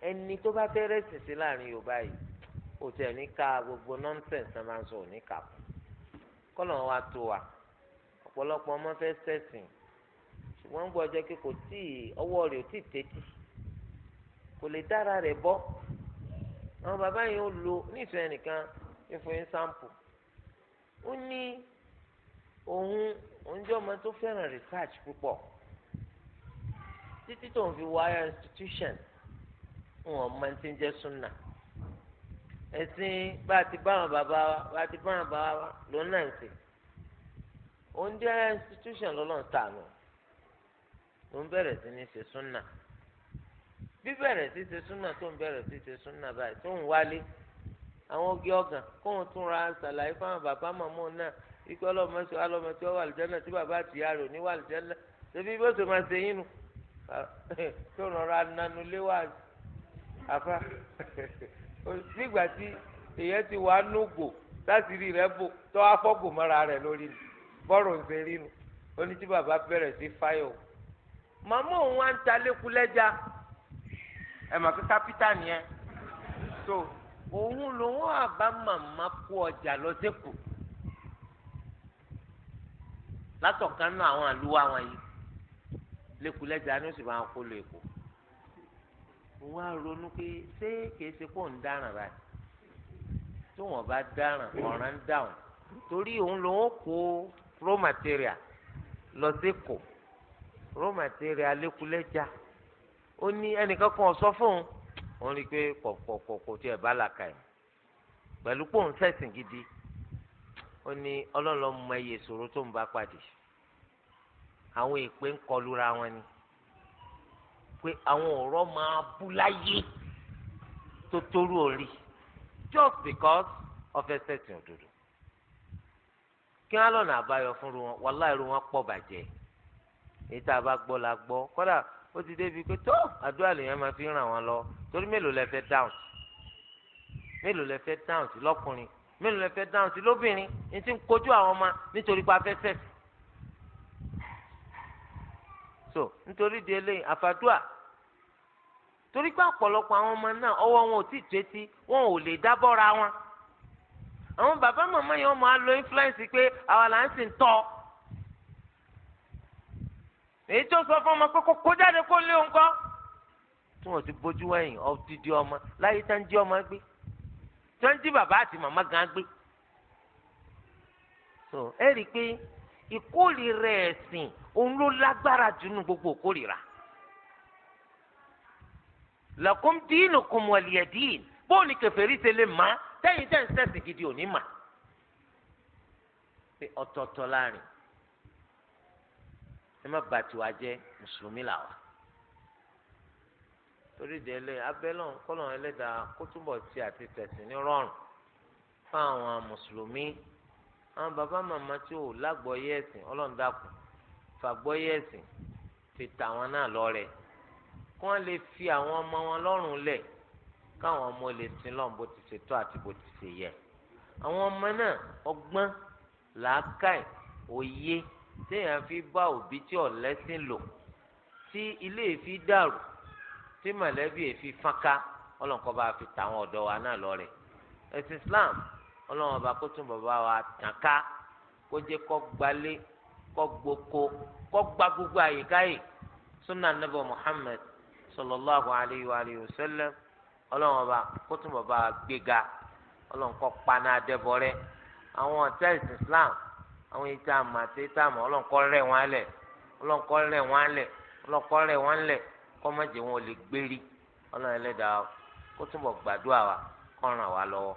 ẹni tó bá fẹ́ rẹ́sìn sí láàrin yorùbá yìí ó tẹ̀ ní ká gbogbo nọ́ńsẹ̀nsì náà máa ń sọ òní kà kù kọ́lọ̀ wa tó wa ọ̀pọ̀lọpọ̀ ọmọ fẹ́ sẹ̀sìn ṣùgbọ́n gbọ́ ọjọ́ pé kò tí ì ọwọ́ rẹ̀ ò tí ì tẹ́tí kò lè dára rẹ̀ bọ́ àwọn bàbá yìí ó lo nífẹ̀ẹ́ nìkan fífún yín sáǹpù ó ní òun òun jẹ́ ọmọ tó fẹ́ràn research púpọ̀ títí tó ń fi wáyà institution wọn máa ti ń jẹ́ súnà ẹ̀sìn bá a ti báwọn bàbá wa bá a ti báwọn bàbá wa ló náà ń sè òun jẹ́ institution lọ́lọ́run tààmù òun bẹ̀rẹ̀ sí ní ṣe súnà bí bẹ̀rẹ̀ sí ṣe súnà tó ń bẹ̀rẹ̀ sí ṣe súnà báyìí tó ń wálé àwọn ogi ọ̀gàn kóun tún ra ṣàlàyé fáwọn bàbá màmú náà ikú ọlọ́mọṣẹ́ ọlọ́mọṣẹ́ wà lìjẹ́nà tí bàbá àtìyá rẹ̀ ò ní wà lìjẹ́nà ṣebí bó ṣe máa ṣe yín nu tó rọra nanu léwájú àfa nígbà tí èyẹ ti wà nógò láti rí rẹ bò tó afọ́gò mọ́ra rẹ lórí ni bọ́rọ̀ ń ṣe rí nu ó ní tí bàbá bẹ̀rẹ̀ sí fáyọ̀ màmá òun wá ń ta lékulẹ́já ẹ̀ mà kí kápítà nìyẹn so òun lòun àbá màmá kó ọjà lọ sẹ́kù látọ̀kánná àwọn àlùwà wọn yìí lékulẹ́já ni ó sì máa kó lọ èkó òun á ronú pé ṣé kìí ṣe pọ̀ ń dáràn báyìí tí wọ́n bá dáràn ọ̀ràn ń dáhùn torí òun ló ń kó raw material lọ sí kò raw material lẹ́kulẹ́já ó ní ẹnìkan kan sọ fún un òun rí i pé pọ̀pọ̀pọ̀ tí ẹ̀ bá làkà ẹ̀ pẹ̀lú pò ń sẹ̀sìn gidi ó ní ọlọ́lọ́ mọ iye ìṣòro tó ń bá pàdé àwọn èèpẹ̀ ń kọlura wọn ni pé àwọn ọ̀rọ̀ máa bú láyé tó torú orí just because of ẹsẹ̀ tì òdodo kí wọn lọ́nà àbáyọ fún ru wọn wàláì ru wọn pọ̀ bàjẹ́ èyí tá a bá gbọ́ la gbọ́ kódà ó ti débi pé tó àdúrà lèèyàn máa fi ràn wọn lọ torí mélòó lẹ fẹ́ dáhùn mélòó lẹ fẹ́ dáhùn sí lọ́kùnrin mélòó lẹ fẹ́ dáhùn sí lóbìnrin ní ti ń kojú àwọn ọmọ nítorí pé afẹ́fẹ́ sí so nítorí di eléyìí àfàdúà torí pé ọ̀pọ̀lọpọ̀ àwọn ọmọ náà ọwọ́ wọn ò tí ì tẹ́tí wọn ò lè dábọ́ra wọn àwọn bàbá màmá yẹn wọn máa lo influence pé àwa là ń sìn tọ́ èyí tó sọ fún ọmọ pé kó kó jáde kó lé òun kọ́ tí wọn ti bójú wẹ̀yìn ọdídí ọmọ láyé tá ń jí ọmọ gbé tá ń jí bàbá àti màmá gan gbé so ẹ rí i pé ìkórìíra ẹ̀sìn òun ló lágbára jù nínú gbogbo ìkórìíra. lakum dinukum waliyadin bóun ni kèfèrí ṣe lè má tẹ́yìn tẹ́ sẹ́sìn gidi òní mà pé ọ̀tọ̀ọ̀tọ̀ láàrin ẹ má bà tiwa jẹ́ mùsùlùmí làwà torí délé abẹ́lọ́n kọ́lọ́n ẹlẹ́dàá kó túbọ̀ tí àti tẹ̀sìn ní rọrùn fáwọn mùsùlùmí àwọn baba mama tí ò lágbọ́yé ẹ̀sìn ọlọ́run dàkún fàgbọ́yé ẹ̀sìn fi tà wọn náà lọ́rẹ kí wọ́n lè fi àwọn ọmọ wọn lọ́rùn lẹ̀ káwọn ọmọ lè sin lọ́n bó ti ṣe tó àti bó ti ṣe yẹ àwọn ọmọ náà ọgbọ́n làákàì òye téèyàn fi bá òbí tí ọ̀lẹ́sìn lò tí ilé èfi dàrú tí mọ̀lẹ́bí èfi fánká ọlọ́nkọ́ bá fi tàwọn ọ̀dọ́ wa náà lọ́rẹ ẹ̀sìn Islam ọlọ́run ọba kó tún bàbá wa tàn ká kó jẹ́ kó gbalé kó gboko kó gba gbogbo àyíká yìí sunna nebo muhammed sallallahu alayhi wa alayhi wa sallam ọlọ́run ọba kó tún bàbá wa gbéga ọlọ́run kó paná adẹ́bọ̀rẹ́ àwọn ọ̀tẹ́ẹ̀sì islam àwọn ìta àmà àti ìta àmà ọlọ́run kó rẹ̀ wọ́n lẹ̀ ọlọ́run kó rẹ̀ wọ́n lẹ̀ ọlọ́run kó rẹ̀ wọ́n lẹ̀ kó má wọn ò lè gbérí ọlọ́run ẹlẹ́dàá kó túnbọ̀ gbàdúrà wa kó ràn wá lọ́wọ́.